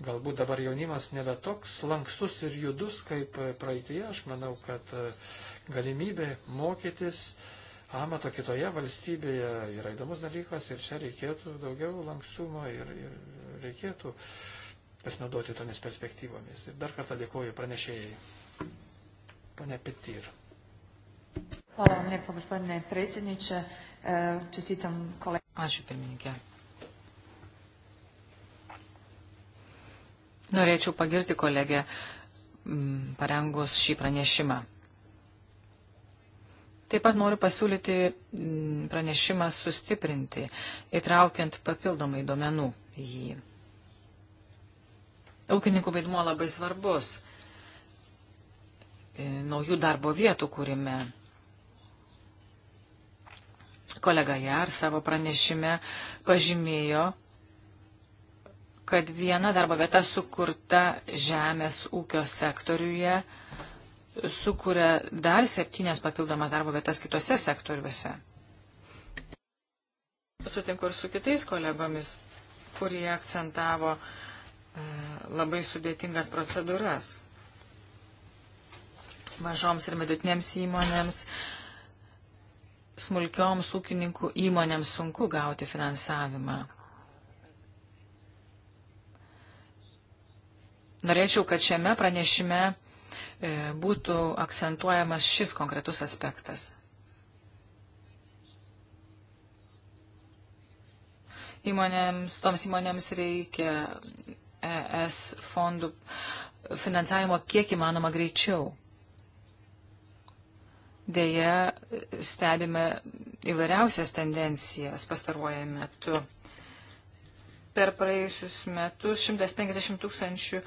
Galbūt dabar jaunimas nebe toks lankstus ir judus kaip praeitie. Aš manau, kad e, galimybė mokytis amato kitoje valstybėje yra įdomus dalykas ir čia reikėtų daugiau lankstumo ir, ir reikėtų pasinaudoti tomis perspektyvomis. Ir dar kartą dėkoju pranešėjai. Pane Petir. Hvala vam lijepo, gospodine predsjedniče. E, čestitam kolegama. Ačiū, pirmininkė. Norėčiau pagirti kolegę mm, parengus šį pranešimą. Taip pat noriu pasiūlyti mm, pranešimą sustiprinti, įtraukiant papildomai duomenų jį. Ūkininkų vaidmuo labai svarbus e, naujų darbo vietų kūrime. Kolega Jar savo pranešime pažymėjo, kad viena darbo vieta sukurta žemės ūkio sektoriuje sukuria dar septynės papildomas darbo vietas kitose sektoriuose. Sutinku ir su kitais kolegomis, kurie akcentavo e, labai sudėtingas procedūras. Mažoms ir vidutinėms įmonėms, smulkioms ūkininkų įmonėms sunku gauti finansavimą. Norėčiau, kad šiame pranešime e, būtų akcentuojamas šis konkretus aspektas. Įmonėms, toms įmonėms reikia ES fondų finansavimo kiek įmanoma greičiau. Deja, stebime įvairiausias tendencijas pastaruoju metu per praėjusius metus 150 tūkstančių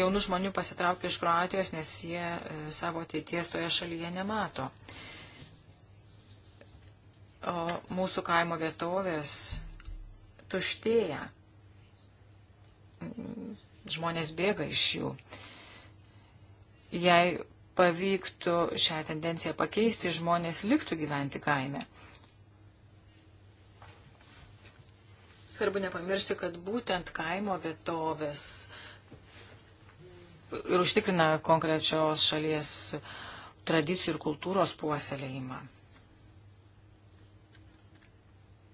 jaunų žmonių pasitraukė iš Kroatijos, nes jie e, savo ateities toje šalyje nemato. O mūsų kaimo vietovės tuštėja. Žmonės bėga iš jų. Jei pavyktų šią tendenciją pakeisti, žmonės liktų gyventi kaime. Svarbu nepamiršti, kad būtent kaimo vietovės ir užtikrina konkrečios šalies tradicijų ir kultūros puoselėjimą.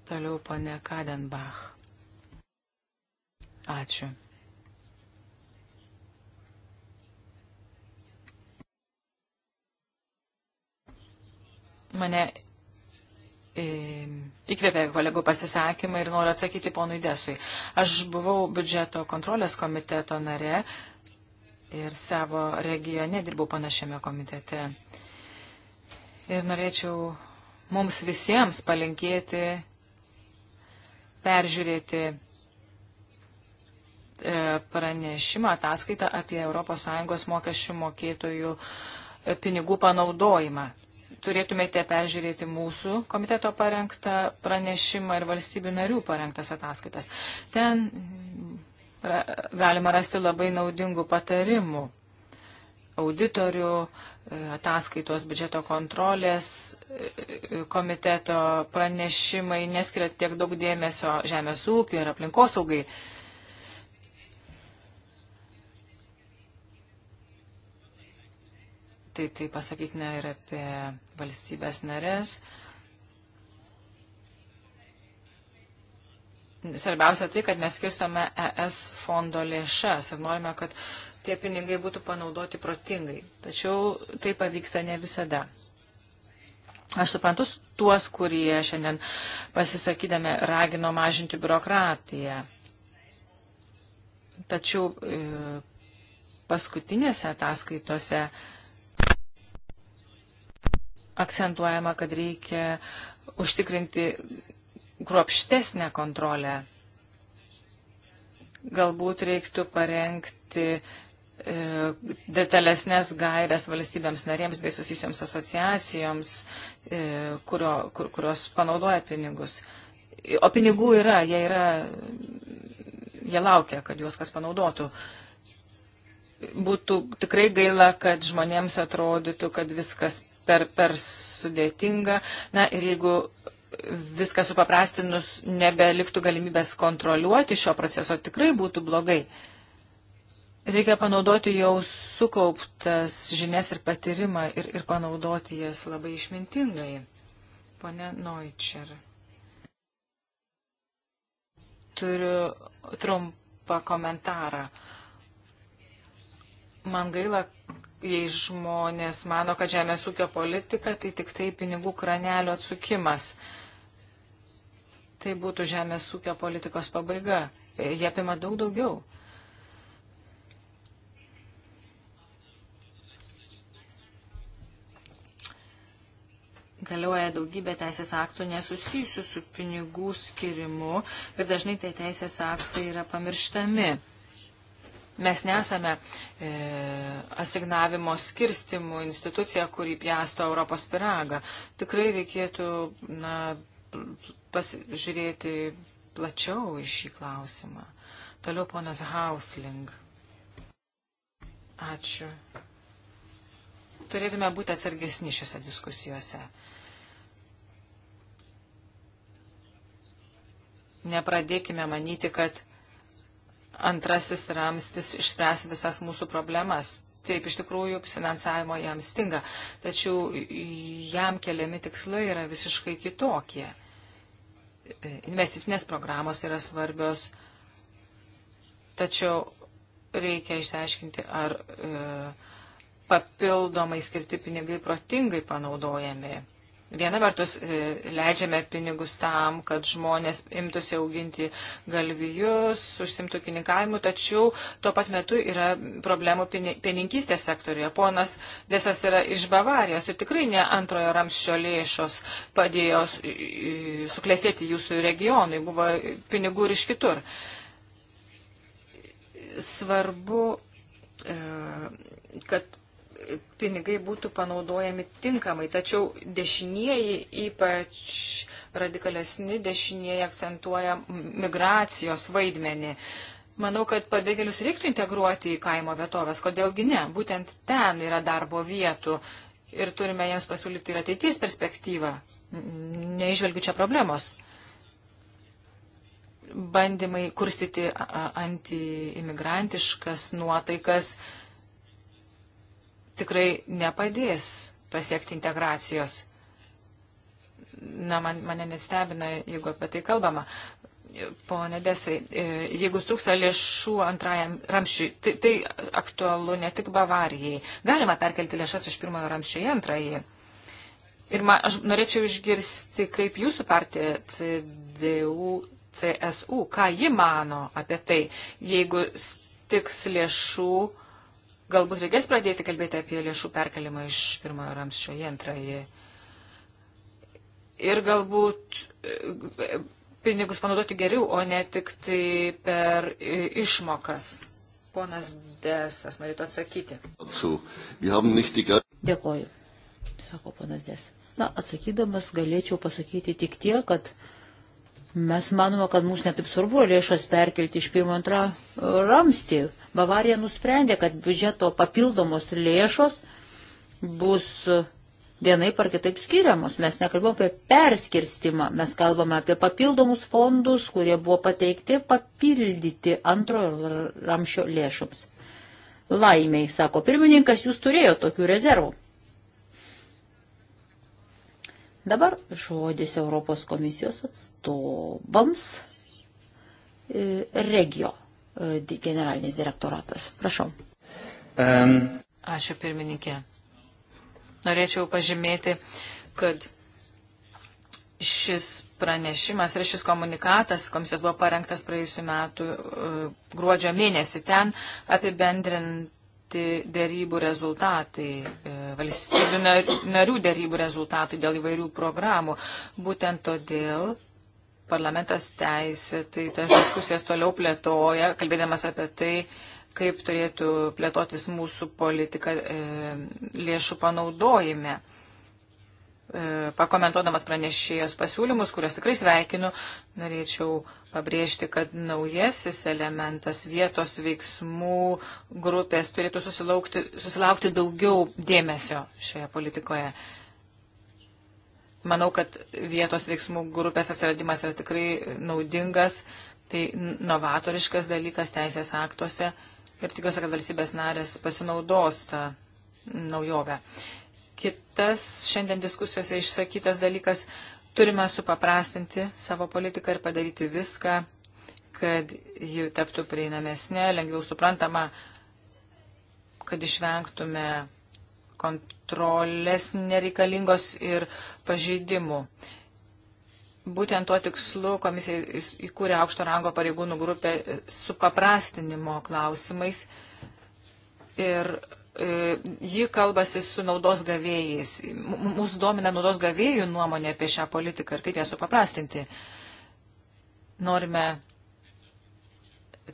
Toliau pane Kadenbach. Ačiū. Mane e, įkvėpė kolegų pasisakymą ir noriu atsakyti ponui Desui. Aš buvau biudžeto kontrolės komiteto nare ir savo regione dirbau panašiame komitete. Ir norėčiau mums visiems palinkėti peržiūrėti e, pranešimą ataskaitą apie ES mokesčių mokėtojų e, pinigų panaudojimą turėtumėte peržiūrėti mūsų komiteto parengtą pranešimą ir valstybių narių parengtas ataskaitas. Ten ra, galima rasti labai naudingų patarimų auditorių, e, ataskaitos biudžeto kontrolės e, komiteto pranešimai neskiria tiek daug dėmesio žemės ūkio ir aplinkosaugai. saugai tai, tai pasakytina ir apie valstybės narės. Svarbiausia tai, kad mes skirstome ES fondo lėšas ir norime, kad tie pinigai būtų panaudoti protingai. Tačiau tai pavyksta ne visada. Aš suprantu tuos, kurie šiandien pasisakydami ragino mažinti biurokratiją. Tačiau e, paskutinėse ataskaitose e, akcentuojama, kad reikia užtikrinti kruopštesnę kontrolę. Galbūt reiktų parengti e, detalesnės gairias valstybėms narėms bei susijusioms asociacijoms, e, kurio, kur, kurios panaudoja pinigus. O pinigų yra, jie yra, jie laukia, kad juos kas panaudotų būtų tikrai gaila, kad žmonėms atrodytų, kad viskas per, per sudėtinga. Na ir jeigu viską supaprastinus nebeliktų galimybės kontroliuoti šio proceso, tikrai būtų blogai. Reikia panaudoti jau sukauptas žinias ir patyrimą ir, ir panaudoti jas labai išmintingai. Pone Noičer. Turiu trumpą komentarą. Man gaila, jei žmonės mano, kad žemės ūkio politika tai tik tai pinigų kranelio atsukimas. Tai būtų žemės ūkio politikos pabaiga. E, jie apima daug daugiau. galioja daugybė teisės aktų nesusijusių su pinigų skirimu ir dažnai tai teisės aktai yra pamirštami. Mes nesame e, asignavimo skirstimų institucija, kurį pjasto Europos piragą. Tikrai reikėtų na, pasižiūrėti plačiau į šį klausimą. Toliau ponas Hausling. Ačiū. Turėtume būti atsargesni šiuose diskusijose. Nepradėkime manyti, kad antrasis ramstis išspręs visas mūsų problemas. Taip, iš tikrųjų, finansavimo jam stinga, tačiau jam keliami tikslai yra visiškai kitokie. Investicinės programos yra svarbios, tačiau reikia išsiaiškinti, ar e, papildomai skirti pinigai protingai panaudojami Viena vertus e, leidžiame pinigus tam, kad žmonės imtųsi auginti galvijus, užsimtų kininkavimu, tačiau tuo pat metu yra problemų pieninkystės sektoriuje. Ponas Desas yra iš Bavarijos ir tai tikrai ne antrojo ramščio lėšos padėjo suklestėti jūsų regionui, buvo pinigų ir iš kitur. Svarbu, e, kad pinigai būtų panaudojami tinkamai. Tačiau dešinieji, ypač radikalesni dešinieji, akcentuoja migracijos vaidmenį. Manau, kad pabėgėlius reiktų integruoti į kaimo vietovės. Kodėlgi ne? Būtent ten yra darbo vietų ir turime jiems pasiūlyti ir ateities perspektyvą. Neižvelgiu čia problemos. Bandymai kurstyti antiimigrantiškas nuotaikas tikrai nepadės pasiekti integracijos. Na, man, mane nestebina, jeigu apie tai kalbama. Pone Desai, e, jeigu trūksta lėšų antrajam ramščiui, tai, tai aktualu ne tik Bavarijai. Galima perkelti lėšas iš pirmojo ramščio į antrąjį. Ir man, aš norėčiau išgirsti, kaip jūsų partija CDU, CSU, ką ji mano apie tai, jeigu tiks lėšų galbūt reikės pradėti kalbėti apie lėšų perkelimą iš pirmojo ramščio į antrąjį. Ir galbūt e, pinigus panaudoti geriau, o ne tik tai per e, išmokas. Ponas Desas norėtų atsakyti. Dėkoju, sako ponas Desas. Na, atsakydamas galėčiau pasakyti tik tie, kad Mes manome, kad mums netaip svarbu lėšas perkelti iš pirmo antrą ramstį. Bavarija nusprendė, kad biudžeto papildomos lėšos bus vienai par kitaip skiriamos. Mes nekalbame apie perskirstimą, mes kalbame apie papildomus fondus, kurie buvo pateikti papildyti antrojo ramšio lėšoms. Laimiai, sako pirmininkas, jūs turėjo tokių rezervų. Dabar žodis Europos komisijos atstovams e, regio e, generalinis direktoratas. Prašau. Um. Ačiū pirmininkė. Norėčiau pažymėti, kad šis pranešimas ir šis komunikatas komisijos buvo parengtas praėjusiu metu e, gruodžio mėnesį. Ten apibendrint pateikti dėrybų rezultatai, e, valstybių narių dėrybų rezultatai dėl įvairių programų. Būtent todėl parlamentas teisė, tai tas diskusijas toliau plėtoja, kalbėdamas apie tai, kaip turėtų plėtotis mūsų politika e, lėšų panaudojime. E, pakomentuodamas pranešėjos pasiūlymus, kuriuos tikrai sveikinu, norėčiau pabrėžti, kad naujasis elementas vietos veiksmų grupės turėtų susilaukti, susilaukti daugiau dėmesio šioje politikoje. Manau, kad vietos veiksmų grupės atsiradimas yra tikrai naudingas, tai novatoriškas dalykas teisės aktuose ir tikiuosi, kad valstybės narės pasinaudos tą naujovę kitas šiandien diskusijose išsakytas dalykas, turime supaprastinti savo politiką ir padaryti viską, kad ji taptų prieinamesnė, lengviau suprantama, kad išvengtume kontrolės nereikalingos ir pažeidimų. Būtent tuo tikslu komisija įkūrė aukšto rango pareigūnų grupę su paprastinimo klausimais ir E, ji kalbasi su naudos gavėjais. Mūsų domina naudos gavėjų nuomonė apie šią politiką ir kaip ją supaprastinti. Norime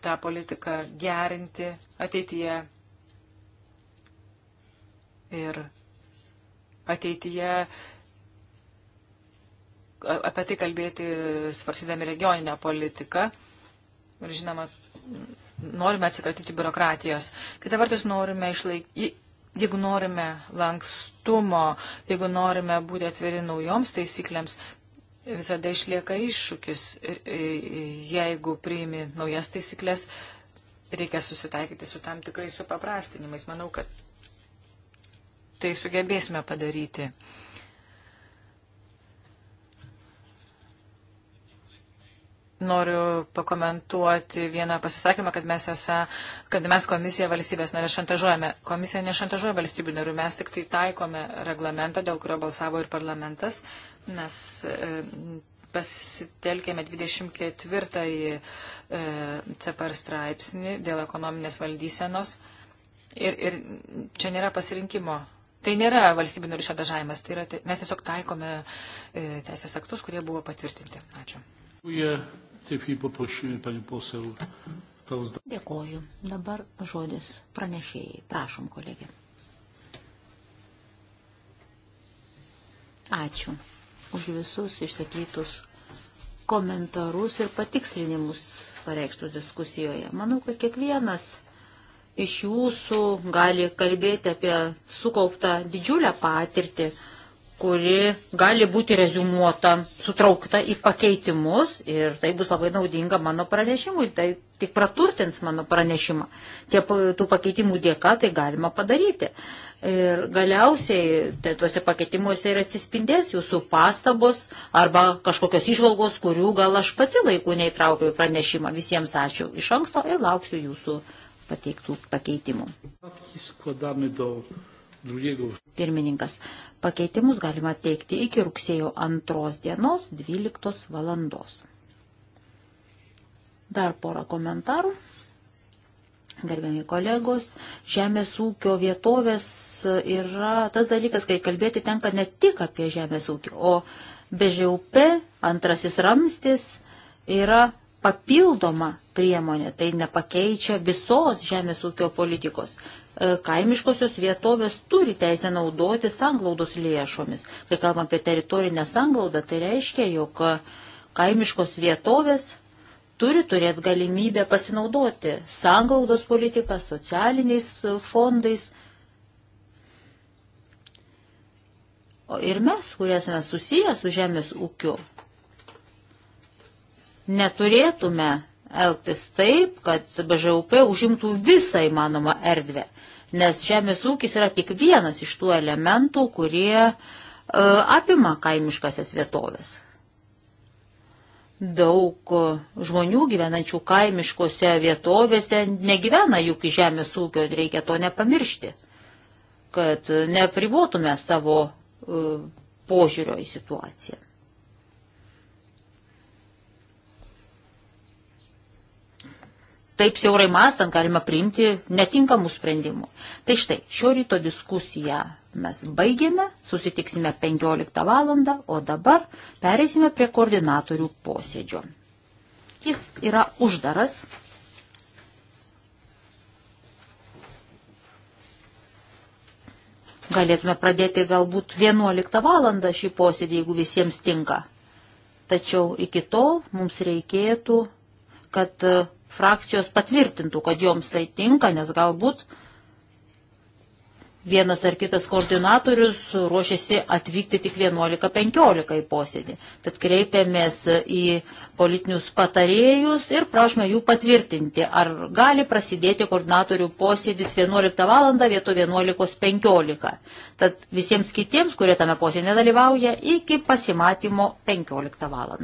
tą politiką gerinti ateityje ir ateityje apie tai kalbėti svarsydami regioninę politiką. Ir žinoma, norime atsikratyti biurokratijos. Kita vertus, norime išlaikyti. Jeigu norime lankstumo, jeigu norime būti atviri naujoms taisyklėms, visada išlieka iššūkis. Jeigu priimi naujas taisyklės, reikia susitaikyti su tam tikrais supaprastinimais. Manau, kad tai sugebėsime padaryti. noriu pakomentuoti vieną pasisakymą, kad mes, esą, kad mes komisiją valstybės narės šantažuojame. Komisija nešantažuoja valstybių narių, mes tik tai taikome reglamentą, dėl kurio balsavo ir parlamentas. Mes e, pasitelkėme 24-ąjį e, CEPAR straipsnį dėl ekonominės valdysenos ir, ir čia nėra pasirinkimo. Tai nėra valstybių narių šadažavimas, tai yra, mes tiesiog taikome e, teisės aktus, kurie buvo patvirtinti. Ačiū. Yeah. Dėkoju. Dabar žodis pranešėjai. Prašom, kolegė. Ačiū už visus išsakytus komentarus ir patikslinimus pareikštus diskusijoje. Manau, kad kiekvienas iš jūsų gali kalbėti apie sukauptą didžiulę patirtį kuri gali būti rezumuota, sutraukta į pakeitimus ir tai bus labai naudinga mano pranešimui, tai tik praturtins mano pranešimą. Tie, tų pakeitimų dėka tai galima padaryti. Ir galiausiai tai tuose pakeitimuose ir atsispindės jūsų pastabos arba kažkokios išvalgos, kurių gal aš pati laiku neįtraukiau į pranešimą. Visiems ačiū iš anksto ir lauksiu jūsų pateiktų pakeitimų. Skladami daug Nu, Pirmininkas, pakeitimus galima teikti iki rugsėjo antros dienos 12 valandos. Dar porą komentarų. Gerbiami kolegos, žemės ūkio vietovės yra tas dalykas, kai kalbėti tenka ne tik apie žemės ūkį, o BŽUP antrasis ramstis yra papildoma priemonė, tai nepakeičia visos žemės ūkio politikos. E, kaimiškosios vietovės turi teisę naudoti sanglaudos lėšomis. Kai kalbam apie teritorinę sanglaudą, tai reiškia, jog kaimiškos vietovės turi turėti galimybę pasinaudoti sanglaudos politiką, socialiniais fondais. Ir mes, kurie esame susiję su žemės ūkiu, neturėtume elgtis taip, kad BŽUP užimtų visą įmanomą erdvę, nes žemės ūkis yra tik vienas iš tų elementų, kurie e, apima kaimiškasias vietovės. Daug žmonių gyvenančių kaimiškose vietovėse negyvena juk į žemės ūkio, reikia to nepamiršti, kad nepribotume savo e, požiūrio į situaciją. taip siaurai mąstant galima priimti netinkamų sprendimų. Tai štai, šio ryto diskusiją mes baigėme, susitiksime 15 val. o dabar pereisime prie koordinatorių posėdžio. Jis yra uždaras. Galėtume pradėti galbūt 11 val. šį posėdį, jeigu visiems tinka. Tačiau iki tol mums reikėtų, kad frakcijos patvirtintų, kad joms tai tinka, nes galbūt vienas ar kitas koordinatorius ruošiasi atvykti tik 11.15 į posėdį. Tad kreipiamės į politinius patarėjus ir prašome jų patvirtinti, ar gali prasidėti koordinatorių posėdis 11 val. vietu 11.15. Tad visiems kitiems, kurie tame posėdė nedalyvauja, iki pasimatymo 15 val.